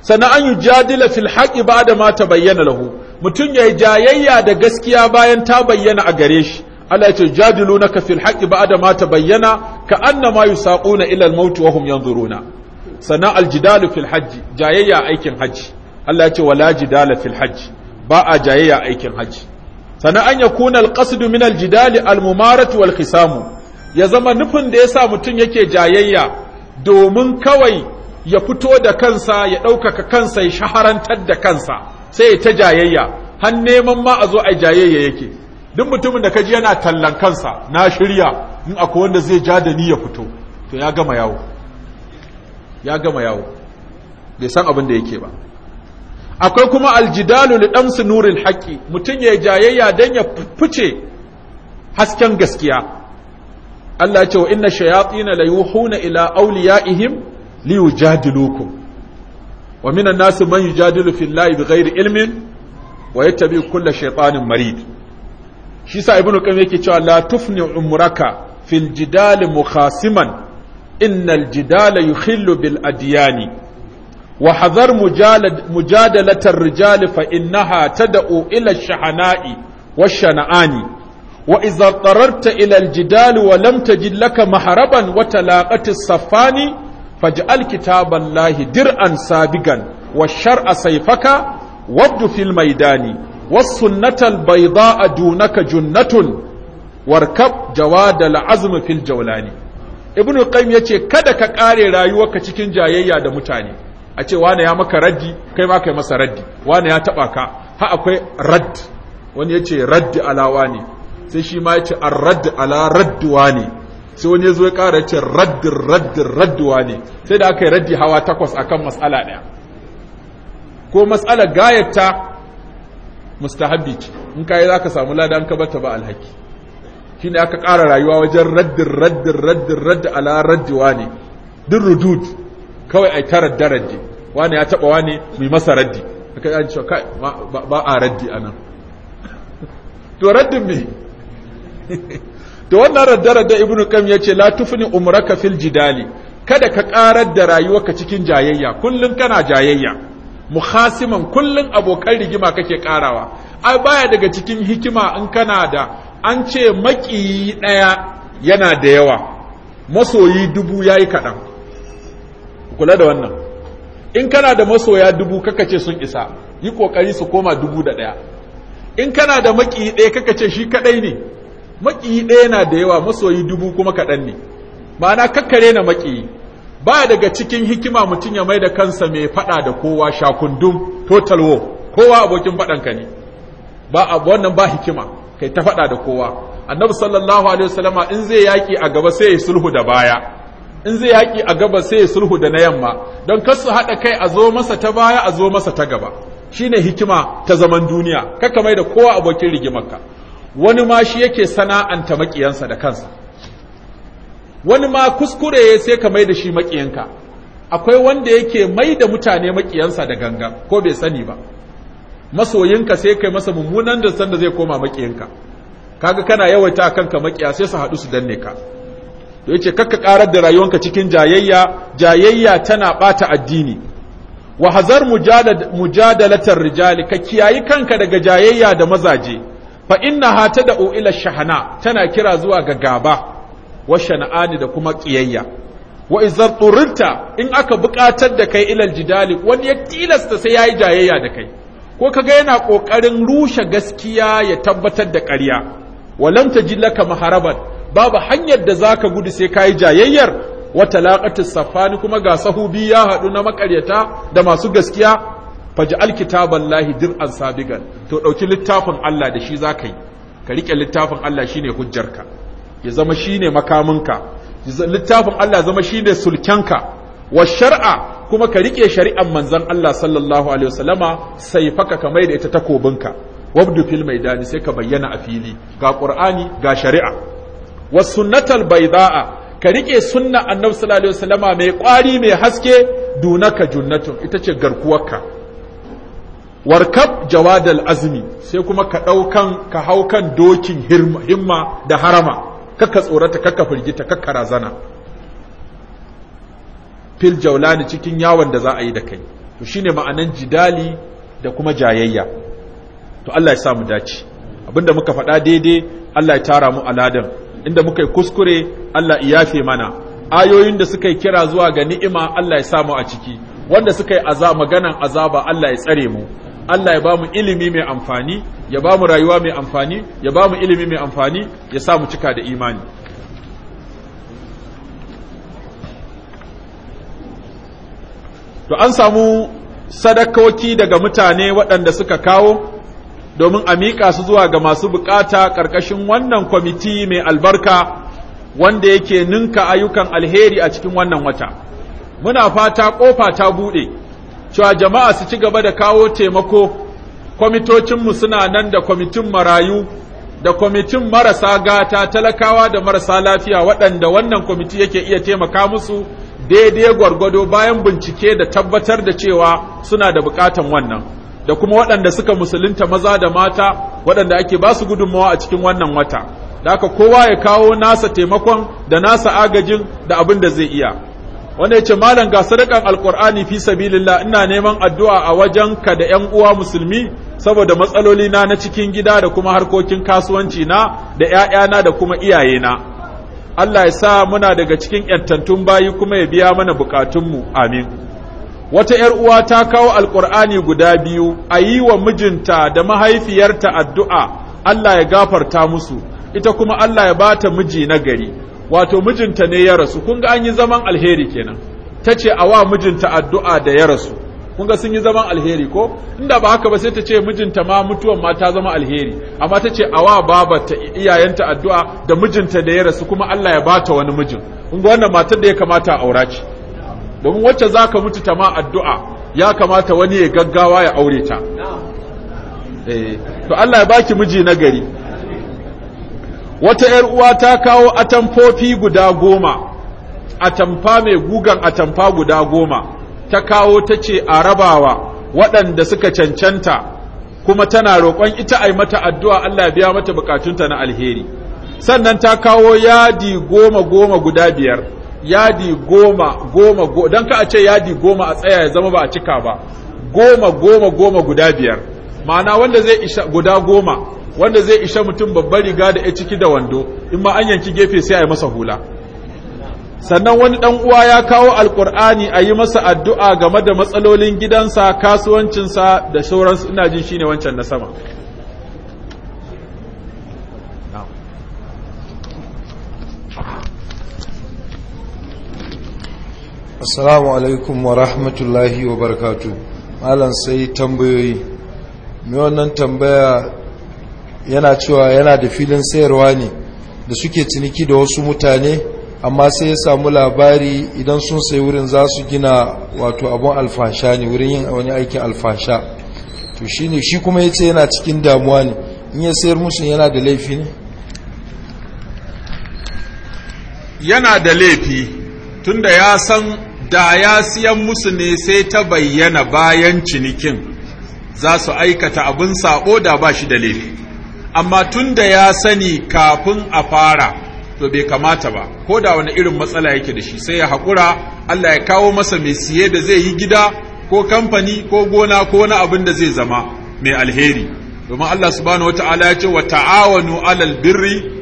sannan an yujadila fil haqqi ba'da ma tabayyana lahu mutun yayi jayayya da gaskiya bayan ta bayyana a gare shi Allah ya ce jadilunaka fil ba ba'da ma bayyana ka annama yusaquna ila al-maut wa hum yanzuruna sana al fil hajj jayayya aikin hajji Allah ya ce wala jidala fil ba a jayayya aikin hajji sana an yakuna al min aljidali jidali wal khisamu ya zama nufin da yasa mutun yake jayayya domin kawai ya fito da kansa ya ɗaukaka kansa ya shaharantar da kansa sai ya ta jayayya har neman ma a zo a jayayya yake duk mutumin da kaji yana tallan kansa na shirya in akwai wanda zai ja da ni ya fito to ya gama yawo ya gama yawo bai san abin da yake ba akwai kuma aljidalu li damsu nurin haqqi mutum ya jayayya dan ya fice hasken gaskiya Allah ya ce wa inna shayatin la yuhuna ila awliyaihim li yujadilukum wa minan nas man yujadilu fillahi bighairi ilmin wa yattabi kulle shaytanin marid shi sa ibnu qayyim yake cewa la tufni umraka fil jidal mukhasiman innal jidala yukhillu bil adyani wa hadhar mujadalata ar-rijal fa innaha tad'u ila ash-shahana'i wash-shana'ani wa idza tararta ila al-jidal wa lam tajid laka mahraban wa talaqat as-safani faj'al kitaballahi dir'an sabigan wa shar'a sayfaka wabdu fil maidani wasunnatal bayda dunaka junnatun warkab jawadal azm fil jawlani ibnu qayyim yace kada ka kare rayuwarka cikin jayayya da mutane a ce wane ya maka raddi kai ma kai masa raddi wane ya taba ka ha akwai radd wani yace raddi ala wani sai shi ma yace ar-radd ala radd wani sai wani yazo ya kara yace radd radd radd wani sai da aka yi raddi hawa takwas akan mas'ala daya ko mas'ala gayata mustahabbi ce in ka yi za ka samu lada an ka bata ba alhaki shi ne aka ƙara rayuwa wajen raddin raddin raddin raddin ala raddiwa ne din rudud kawai a tara radda raddi wani ya taba wani mai masa raddi aka yi cewa kai ba a raddi a nan to raddin me to wannan raddara da ibnu kam ya ce la tufni umraka fil jidali kada ka ƙarar da rayuwarka cikin jayayya kullum kana jayayya muhasiman kullum abokan rigima kake karawa ai baya daga cikin hikima in kana da an ce maki daya yana da yawa masoyi dubu yayi kadan kula da wannan in kana da masoya dubu kaka ce sun isa yi kokari su koma dubu da daya in kana da maki daya kaka ce shi kadai ne maki daya yana da yawa masoyi dubu kuma kadan ne ma'ana kakkare na maki ba daga cikin hikima mutum ya mai da kansa mai fada da kowa shakundum total war kowa abokin fadanka ne ba wannan ba hikima kai ta fada da kowa annabi sallallahu alaihi wasallama in zai yaki a gaba sai ya sulhu da baya in zai yaki a gaba sai ya sulhu da na yamma don kar su hada kai a zo masa ta baya a zo masa ta gaba shine hikima ta zaman duniya kaka mai da kowa abokin rigimarka wani ma shi yake sana'anta makiyansa da kansa wani ma kuskure sai ka mai da shi makiyanka akwai wanda yake mai da mutane makiyansa da ganga ko bai sani ba masoyinka sai kai masa mummunan da sanda zai koma makiyanka kaga kana yawaita kanka makiya sai su haɗu su danne ka to yace kakka karar da rayuwanka cikin jayayya jayayya tana bata addini wa hazar mujadalatar rijali ka kiyayi kanka daga jayayya da mazaje fa innaha tad'u ila shahana tana kira zuwa ga gaba wa shana'ani da kuma ƙiyayya wa izar turinta in aka buƙatar da kai ilal jidali wani ya tilasta sai yayi jayayya da kai ko kaga yana ƙoƙarin rushe gaskiya ya tabbatar da ƙarya walam ta ji laka maharaban babu hanyar da za ka gudu sai ka jayayyar wata laƙatis safani kuma ga sahubi ya haɗu na makaryata da masu gaskiya faj'al kitaballahi dir'an sabigan to ɗauki littafin Allah da shi zaka yi ka riƙe littafin Allah shine hujjarka ya zama shi ne makaminka littafin Allah zama shi ne sulkenka wa shar'a kuma ka riƙe shari'an manzon Allah sallallahu alaihi wasallama sai faka ka mai da ita takobinka wabdu fil maidani sai ka bayyana a fili ga qur'ani ga shari'a was sunnatal bayda'a ka rike sunna annabi sallallahu alaihi wasallama mai ƙwari mai haske dunaka junnatun ita ce garkuwarka warkab jawadal azmi sai kuma ka ɗaukan ka hau kan dokin himma da harama kakka tsorata kakka firgita kakka razana fil jaulani cikin yawon da za a yi da kai to shine ma'anan jidali da kuma jayayya to Allah ya sa mu dace abinda muka faɗa daidai Allah ya tara mu aladan inda muka yi kuskure Allah ya yafe mana ayoyin da suka yi kira zuwa ga ni'ima Allah ya sa mu a ciki wanda suka yi azaba maganan azaba Allah ya tsare mu Allah ya ba mu ilimi mai amfani ya ba mu rayuwa mai amfani ya ba mu ilimi mai amfani ya sa mu cika da imani to an samu sadakoki daga mutane waɗanda suka kawo domin a miƙa su zuwa ga masu bukata ƙarƙashin wannan kwamiti mai albarka wanda yake ninka ayyukan alheri a cikin wannan wata muna fata ƙofa ta buɗe cewa jama'a su ci gaba da kawo taimako kwamitocinmu suna nan da kwamitin marayu da kwamitin marasa gata talakawa da marasa lafiya waɗanda wannan kwamiti yake iya taimaka musu daidai gwargwado bayan bincike da tabbatar da cewa suna da bukatan wannan da kuma waɗanda suka musulunta maza da mata waɗanda ake ba su gudunmawa a cikin wannan wata da aka kowa ya kawo nasa taimakon da nasa agajin da abin da zai iya wanda ce malam ga sadakan alqur'ani fi sabilillah ina neman addu'a a wajen ka da ƴan uwa musulmi saboda matsaloli na na cikin gida da kuma harkokin kasuwanci na da ƴaƴana da kuma iyaye na. Allah ya sa muna daga cikin 'yantantun bayi kuma ya biya mana bukatun mu amin wata ƴar uwa ta kawo alqur'ani guda biyu a yi wa mijinta da mahaifiyarta addu'a Allah ya gafarta musu ita kuma Allah ya bata miji na gari wato mijinta ne ya rasu kun ga an yi zaman alheri kenan ta ce a wa mijinta addu'a da ya rasu kun ga sun yi zaman alheri ko inda ba haka ba sai ta ce mijinta ma mutuwan ma ta zama alheri amma ta ce a wa babata iyayenta addu'a da mijinta da ya rasu kuma Allah ya bata wani mijin kun ga wannan matar da ya kamata a aura ce domin wacce za ka mutu ta ma addu'a ya kamata wani ya gaggawa ya aure ta eh, to Allah ya baki miji na gari wata ‘yar uwa ta kawo atamfofi guda goma atamfa mai gugan atamfa guda goma ta kawo ta ce a rabawa waɗanda suka cancanta kuma tana roƙon ita yi mata addu'a Allah biya mata bukatunta na alheri sannan ta kawo yadi goma goma guda biyar yadi goma goma goma don ka a ce yadi goma a tsaya ya zama ba a cika ba goma goma goma guda biyar ma'ana wanda zai isha guda goma wanda zai isha mutum babbar riga da ya ciki da wando in ma an yanki gefe sai a yi masa hula sannan wani dan uwa ya kawo alkur'ani a yi masa addu'a game da matsalolin gidansa kasuwancinsa da sauransu ina jin shine wancan na sama assalamu alaikum wa rahmatullahi wa barakatu malam sai tambayoyi mai wannan tambaya yana cewa yana da filin sayarwa ne da suke ciniki da wasu mutane amma sai ya samu labari idan sun sai wurin za su gina wato abun alfasha ne wurin yin wani aikin alfasha to shi ne shi kuma ya ce yana cikin damuwa ne in ya sayar musu yana da laifi ne yana da laifi tunda ya san da ya siyan musu ne sai ta bayyana bayan cinikin za su aikata abin sabo da ba shi da laifi amma tun da ya sani kafin a fara to bai kamata ba ko da wani irin matsala yake da shi sai ya haƙura Allah ya kawo masa mai siye da zai yi gida ko kamfani ko gona ko wani abin da zai zama mai alheri domin Allah subhanahu wata'ala ya ce wa ta'awanu alal birri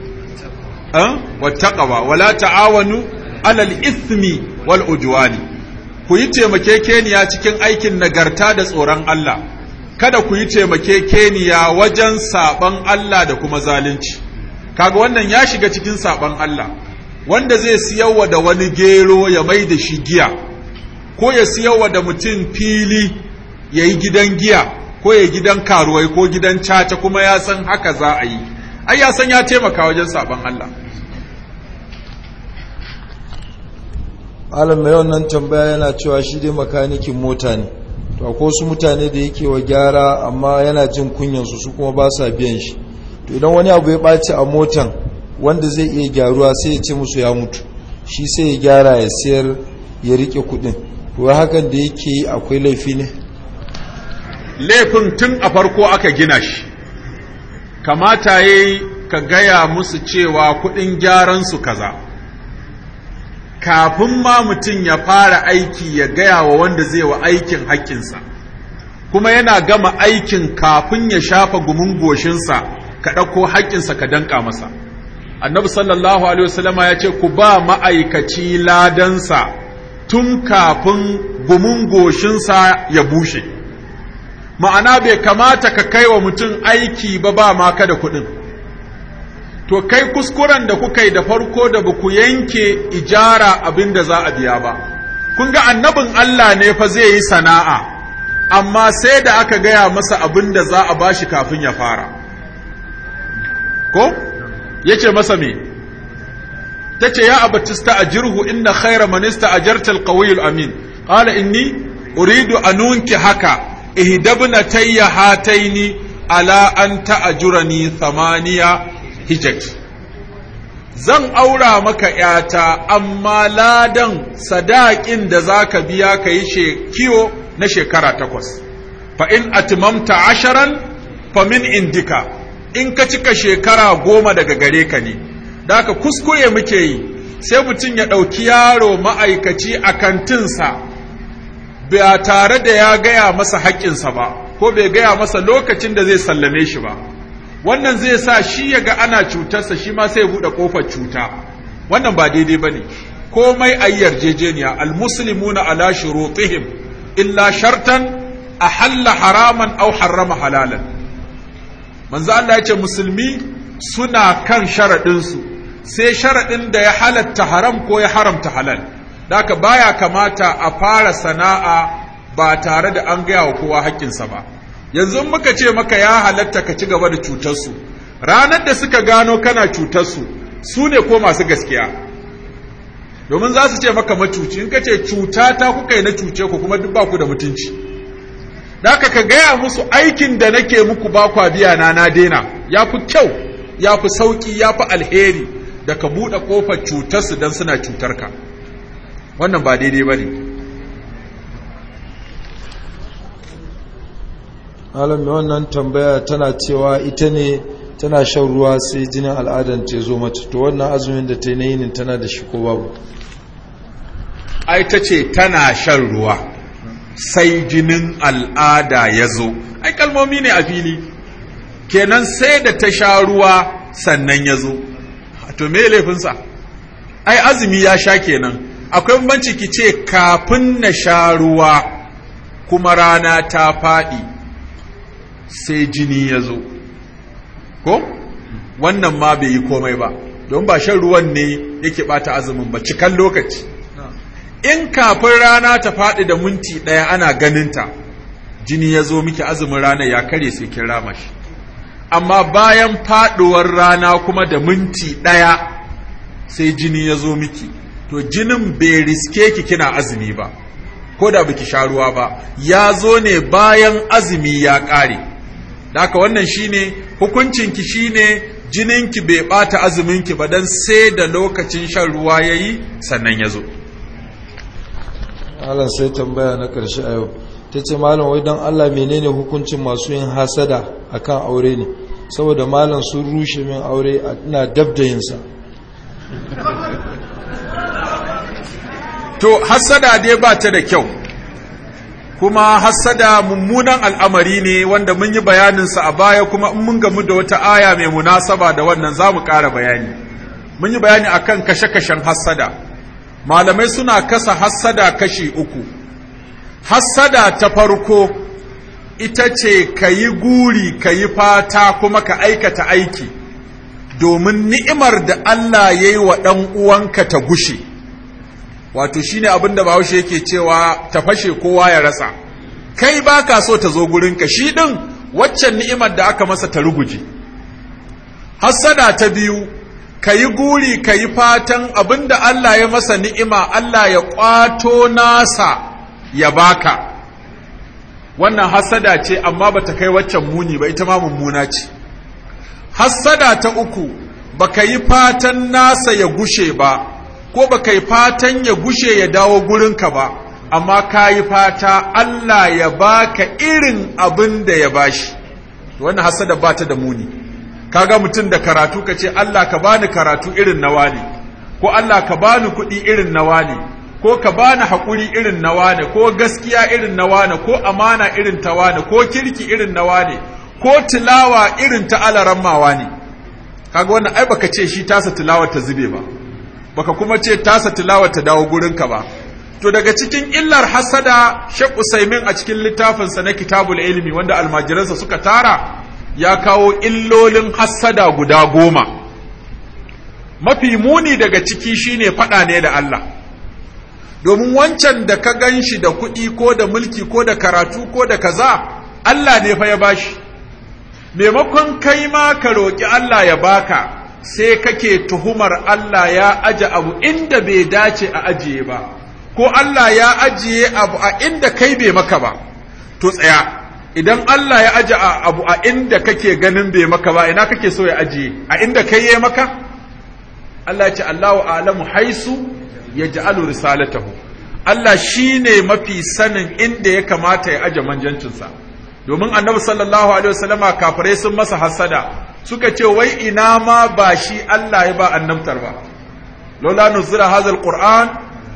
eh? wa taqwa wala ta'awanu alal ismi wal ku yi taimakekeniya cikin aikin nagarta da tsoron Allah kada ku yi keniya wajen saɓan Allah da kuma zalunci kaga wannan ya shiga cikin saɓan Allah wanda zai siyarwa da wani gero ya mai da shi giya ko ya siyarwa da mutum fili ya yi gidan giya ko ya gidan karuwai ko gidan caca kuma ya san haka za a yi ai ya san ya taimaka wajen saɓan Allah malam mai wannan tambaya yana cewa shi dai makanikin mota ne to ko su mutane da yake wa gyara amma yana jin kunyan su kuma ba sa biyan shi to idan wani abu ya ɓaci a motan wanda zai iya gyaruwa sai ya ce musu ya mutu shi sai ya gyara ya sayar ya rike kudin to hakan da yake yi akwai laifi ne laifin tun a farko aka gina shi kamata yayi ka gaya musu cewa kudin gyaran su kaza kafin ma mutum ya fara aiki ya gaya wa wanda zai wa aikin hakkinsa kuma yana gama aikin kafin ya shafa gumin goshinsa ka ɗauko hakkinsa ka danƙa masa annabi sallallahu alaihi wasallama ya ce ku ba ma'aikaci ladansa tun kafin gumin goshinsa ya bushe ma'ana bai kamata ka kai wa mutum aiki ba ba ma da kuɗin to kai kuskuren da kuka yi da farko da ba ku yanke ijara abin da za a biya ba kun ga annabin Allah ne fa zai yi sana'a amma sai da aka gaya masa abin da za a bashi kafin ya fara ko ya ce masa me ta ce ya abatista a jirhu inna khaira manista a jartar ƙawiyul amin ƙala inni uridu a nunki haka ihdabna tayya hataini ala an ta'ajurani thamaniya Egypt zan aura maka ‘yata, amma ladan sadaƙin da za ka biya ka yi kiwo na shekara takwas, fa'in atimamta asharan famin indika, in ka cika shekara goma daga gare ka ne, da ka kuskure muke yi, sai mutum ya ɗauki yaro ma'aikaci a kantinsa, ba tare da ya gaya masa haƙƙinsa ba, ko bai gaya masa lokacin da zai sallame shi ba. wannan zai sa shi ya ga ana cutarsa shi ma sai ya buɗe ƙofar cuta wannan ba daidai ba ne komai ayyar yarjejeniya almuslimuna ala shurutihim illa shartan ahalla haraman aw harrama halalan manzo Allah ya ce musulmi suna kan sharaɗinsu sai sharaɗin da ya halatta haram ko ya haramta halal daka baya kamata a fara sana'a ba tare da an gaya wa kowa haƙƙinsa ba yanzu muka ce maka ya halatta ka ci gaba da cutarsu ranar da suka gano kana cutarsu su ne ko masu gaskiya domin za su ce maka macuci in ka ce cuta ta kuka yi na cuce ku kuma duk ba da mutunci da ka gaya musu aikin da nake muku ba kwa biya na na daina ya fi kyau ya fi sauƙi ya fi alheri da ka buɗe kofar cutarsu don suna cutarka wannan ba daidai ba ne malam wannan tambaya tana cewa ita ne tana shan ruwa sai jinin al'adan ta zo mata to wannan azumin da ta yi yinin tana da shi ko babu ai ta ce tana shan ruwa sai jinin al'ada ya zo ai kalmomi ne a fili kenan sai da ta sha ruwa sannan ya zo to me laifinsa ai azumi ya sha kenan akwai banci ki ce kafin na sha ruwa kuma rana ta faɗi sai jini ya zo ko wannan ma bai yi komai ba don ba shan ruwan ne yake bata azumin ba cikan lokaci in kafin rana ta faɗi da minti ɗaya ana ganinta jini ya zo miki azumin rana ya kare sai kin rama shi amma bayan faɗuwar rana kuma da minti ɗaya sai jini ya zo miki to jinin bai riske ki kina azumi ba ko da biki sha ruwa ba ya zo ne bayan azumi ya ƙare daka wannan shine hukuncinki shine jininki bai bata azuminki ba dan sai da lokacin shan ruwa yayi sannan ya zo Allah sai tambaya na karshe a yau ta ce malam wai don Allah menene hukuncin masu yin hasada akan aure ne saboda malam sun rushe min aure ina yinsa. to hasada dai bata da kyau kuma hassada mummunan al'amari ne wanda mun yi bayaninsa a baya kuma in mun gamu da wata aya mai munasaba da wannan za mu ƙara bayani mun yi bayani akan kashe-kashen hassada malamai suna kasa hassada kashi uku hassada ta farko ita ce ka yi guri ka yi fata kuma ka aikata aiki domin ni'imar da Allah ya yi wa ɗan uwanka ta gushe wato shine abin da bahaushe yake cewa ta fashe kowa ya rasa kai ba ka so ta zo ka. shi ɗin waccan ni'imar da aka masa ta ruguje hassada ta biyu ka yi guri ka yi fatan abin da Allah ya masa ni'ima Allah ya ƙwato nasa ya baka wannan hassada ce amma ba ta kai waccan muni ba ita ma mummuna ce hassada ta uku ba ka yi fatan nasa ya gushe ba ko ba kai fatan ya gushe ya dawo gurinka ba amma ka fata Allah ya baka irin abin da ya bashi wannan hasada ba ta da muni kaga mutum da karatu ka ce Allah ka bani karatu irin na wani ko Allah ka bani kuɗi irin na wani ko ka bani hakuri irin na wani ko gaskiya irin na wani ko amana irin ta wani ko kirki irin na wani ko tilawa irin ta alaran mawa ne kaga wannan ai baka ce shi tasa tilawa ta zube ba baka kuma ce tasa tilawa ta dawo gurinka ba to daga cikin illar hasada Sheikh Usaimin a cikin littafinsa na Kitabul Ilmi wanda almajiransa suka tara ya kawo illolin hasada guda goma mafi muni daga ciki shine fada ne da Allah domin wancan da ka gan shi da kuɗi ko da mulki ko da karatu ko da kaza Allah ne fa ya bashi maimakon kai ma ka roƙi Allah ya baka sai kake tuhumar Allah ya aje abu inda bai dace a ajiye ba ko Allah ya ajiye abu a inda kai bai maka ba to tsaya idan Allah ya aje abu a inda kake ganin bai maka ba ina kake so ya ajiye a inda kai yayi maka Allah ya ce Allahu a'lamu haisu yaj'alu risalatahu Allah shine mafi sanin inda ya kamata ya aje manjancinsa domin annabi sallallahu alaihi wasallama kafirai sun masa hasada suka ce wai ina ma ba shi Allah ya ba annabtar ba lola nuzira hazal qur'an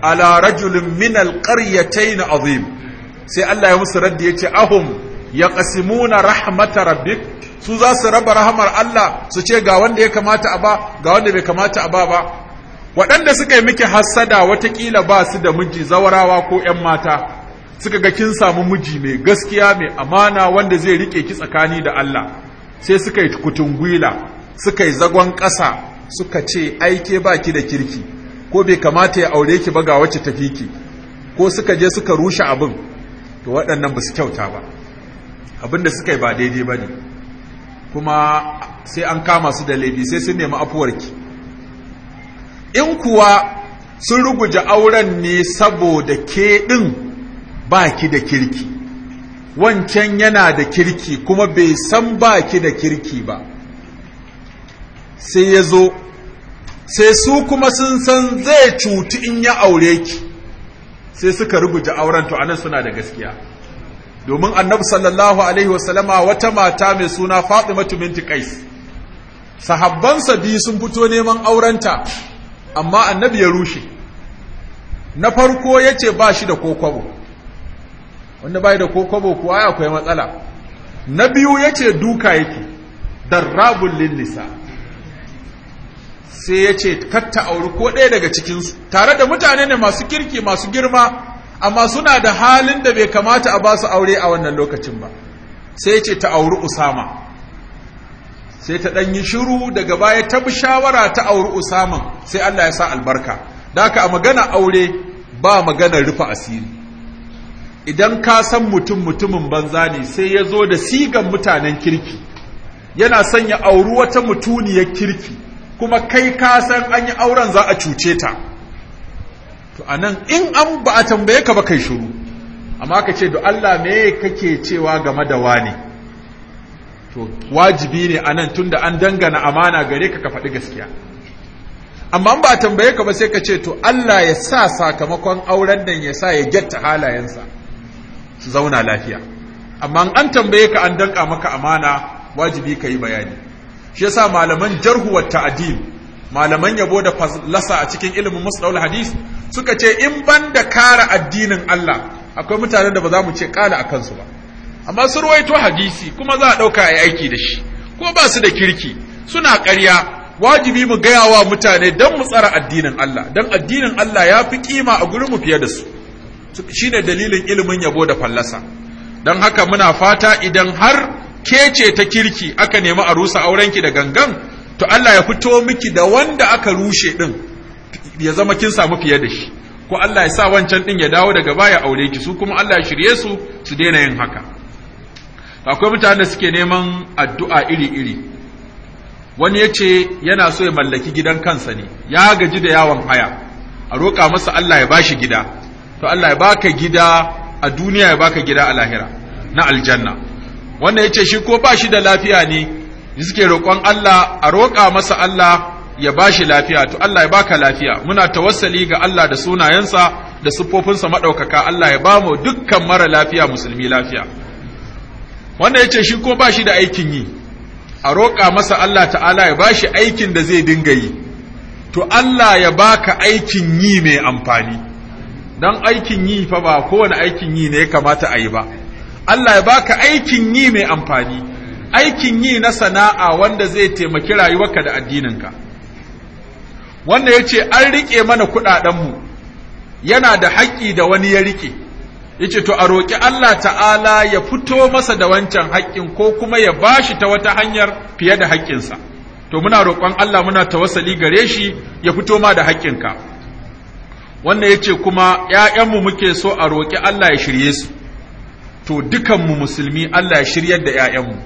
ala rajulin min alqaryatayn azim sai Allah ya musu raddi yace ahum yaqsimuna rahmata rabbik su za su raba rahmar Allah su ce ga wanda ya kamata a ba ga wanda bai kamata a ba ba waɗanda suka yi miki hasada watakila ba su da miji zawarawa ko ƴan mata suka ga kin samu miji mai gaskiya mai amana wanda zai rike ki tsakani da Allah sai suka yi tukutun gwila suka yi zagon ƙasa suka ce aike baki da kirki ko bai kamata ya aure ki ba ga wacce tafi ki ko suka je suka rushe abin to waɗannan ba su kyauta ba abin da suka yi ba daidai ba ne kuma sai an kama su da laifi sai sun nemi afuwarki in kuwa sun ruguje auren ne saboda ke ɗin ba ki da kirki wancan yana da kirki kuma bai san ba ki da kirki ba sai ya zo sai su kuma sun san zai cuti in ya aure ki sai suka rubuta auren to anan suna da gaskiya domin annabi sallallahu alaihi wasallama wata mata mai suna fatimatu binti qais sahabbansa biyu sun fito neman aurenta amma annabi ya rushe na farko yace ba shi da kokobo. wanda bai da kokobo kuwa akwai matsala na biyu yace duka yake darrabul linnisa sai yace katta auri ko ɗaya daga cikin su tare da mutane ne masu kirki masu girma amma suna da halin da bai kamata a ba su aure a wannan lokacin ba sai yace ta auri usama sai ta yi shiru daga baya ta bi shawara ta auri usaman sai Allah ya sa albarka da haka a magana aure ba magana rufe asiri idan ka san mutum mutumin banza ne sai ya zo da sigan mutanen kirki yana son ya auri wata mutuniyar kirki kuma kai ka san an yi auren za a cuce ta to anan in an ba a tambaye ka ba kai shiru amma ka ce da Allah me kake cewa game da wani to wajibi ne anan tunda an dangana amana gare ka ka faɗi gaskiya amma ba a tambaye ka ba sai ka ce to Allah ya sa sakamakon auren nan ya sa ya getta halayensa su zauna lafiya amma an tambaye ka an danka maka amana wajibi ka yi bayani shi yasa malaman jarhu wa ta'dil malaman yabo da falasa a cikin ilimin musdalul hadis suka ce in banda kara addinin Allah akwai mutanen da ba za mu ce kala akan su ba amma su ruwaito hadisi kuma za a dauka ayi aiki da shi ko ba su da kirki suna ƙarya wajibi mu gayawa mutane don mu tsara addinin Allah don addinin Allah ya fi kima a gurin mu fiye da su shi ne dalilin ilimin yabo da fallasa don haka muna fata idan har kece ta kirki aka nemi a rusa aurenki da gangan to Allah ya fito miki da wanda aka rushe din ya zama kin samu fiye da shi ko Allah ya sa wancan din ya dawo daga baya aure ki su kuma Allah ya shirye su su daina yin haka akwai mutanen da suke neman addu'a iri-iri wani ya ce yana so ya mallaki gidan kansa ne ya gaji da yawon haya a roƙa masa Allah ya bashi gida to Allah ya baka gida a duniya ya baka gida a lahira na aljanna wannan yace shi ko ba shi da lafiya ne suke roƙon Allah a roƙa masa Allah ya bashi lafiya to Allah ya baka lafiya muna tawassali ga Allah da sunayensa da siffofinsa madaukaka Allah ya bamu dukkan mara lafiya musulmi lafiya wanda yace shi ko ba shi da aikin yi a roƙa masa Allah ta'ala ya bashi aikin da zai dinga yi to Allah ya baka aikin yi mai amfani don aikin yi fa ba kowane aikin yi ne ya kamata a yi ba Allah ya baka aikin yi mai amfani aikin yi na sana'a wanda zai taimaki rayuwarka da addininka wanda ya ce an riƙe mana kuɗaɗenmu yana da haƙƙi da wani ya riƙe ya ce to a roƙi Allah ta'ala ya fito masa da wancan haƙƙin ko kuma ya bashi ta wata hanyar fiye da haƙƙinsa to muna roƙon Allah muna tawassali gare shi ya fito ma da haƙƙinka wannan ce kuma ƴaƴanmu muke so a roƙi Allah ya shirye su to dukanmu musulmi Allah ya shiryar da ƴaƴanmu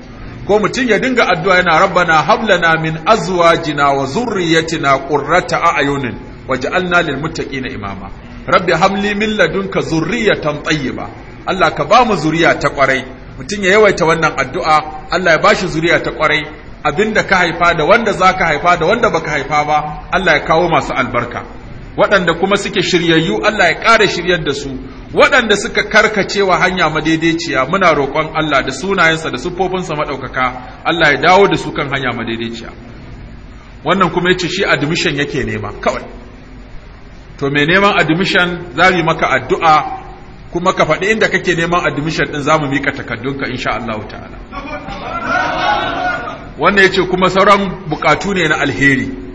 ko mutum ya dinga addu'a yana rabbana hablana min azuwa azwajina wa zurriyyatina qurrata waje waj'alna lil na imama rabbi hamli min ladunka zurriyatan tayyiba Allah ka ba mu zuriya ta kwarai mutum ya yawaita wannan addu'a Allah ya bashi zuriya ta kwarai abinda ka haifa da wanda zaka haifa da wanda baka haifa ba Allah ya kawo masu albarka waɗanda kuma suke shiryayyu Allah ya ƙara shiryar da su waɗanda suka karkacewa hanya madaidaiciya muna roƙon Allah da sunayensa da siffofinsa maɗaukaka Allah ya dawo da su kan hanya madaidaiciya wannan kuma ya ce shi admission yake nema kawai to me neman admission za mu maka addu'a kuma ka faɗi inda kake neman admission ɗin za mu mika takaddunka insha Allah ta'ala wannan ce kuma sauran bukatu ne na alheri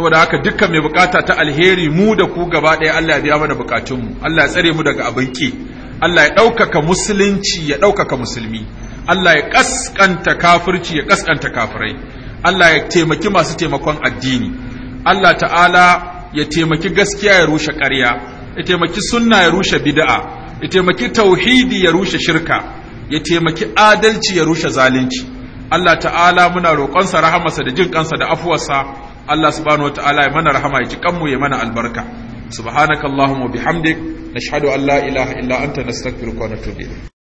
saboda haka dukkan mai bukata ta alheri mu da ku gaba ɗaya Allah ya biya mana bukatunmu Allah ya tsare mu daga abin ki Allah ya ɗaukaka musulunci ya ɗaukaka musulmi Allah ya ƙasƙanta kafirci ya ƙasƙanta kafirai Allah ya taimaki masu taimakon addini Allah ta'ala ya taimaki gaskiya ya rushe ƙarya ya taimaki sunna ya rushe bid'a ya taimaki tauhidi ya rushe shirka ya taimaki adalci ya rushe zalunci Allah ta'ala muna roƙonsa rahamarsa da jin kansa da afuwarsa Allah subhanahu wataala ya mana rahama ya ji kanmu ya mana albarka subhanakallahumma bihamdik nashhadu an la ilaha illa anta nastaghfiruka wa natubu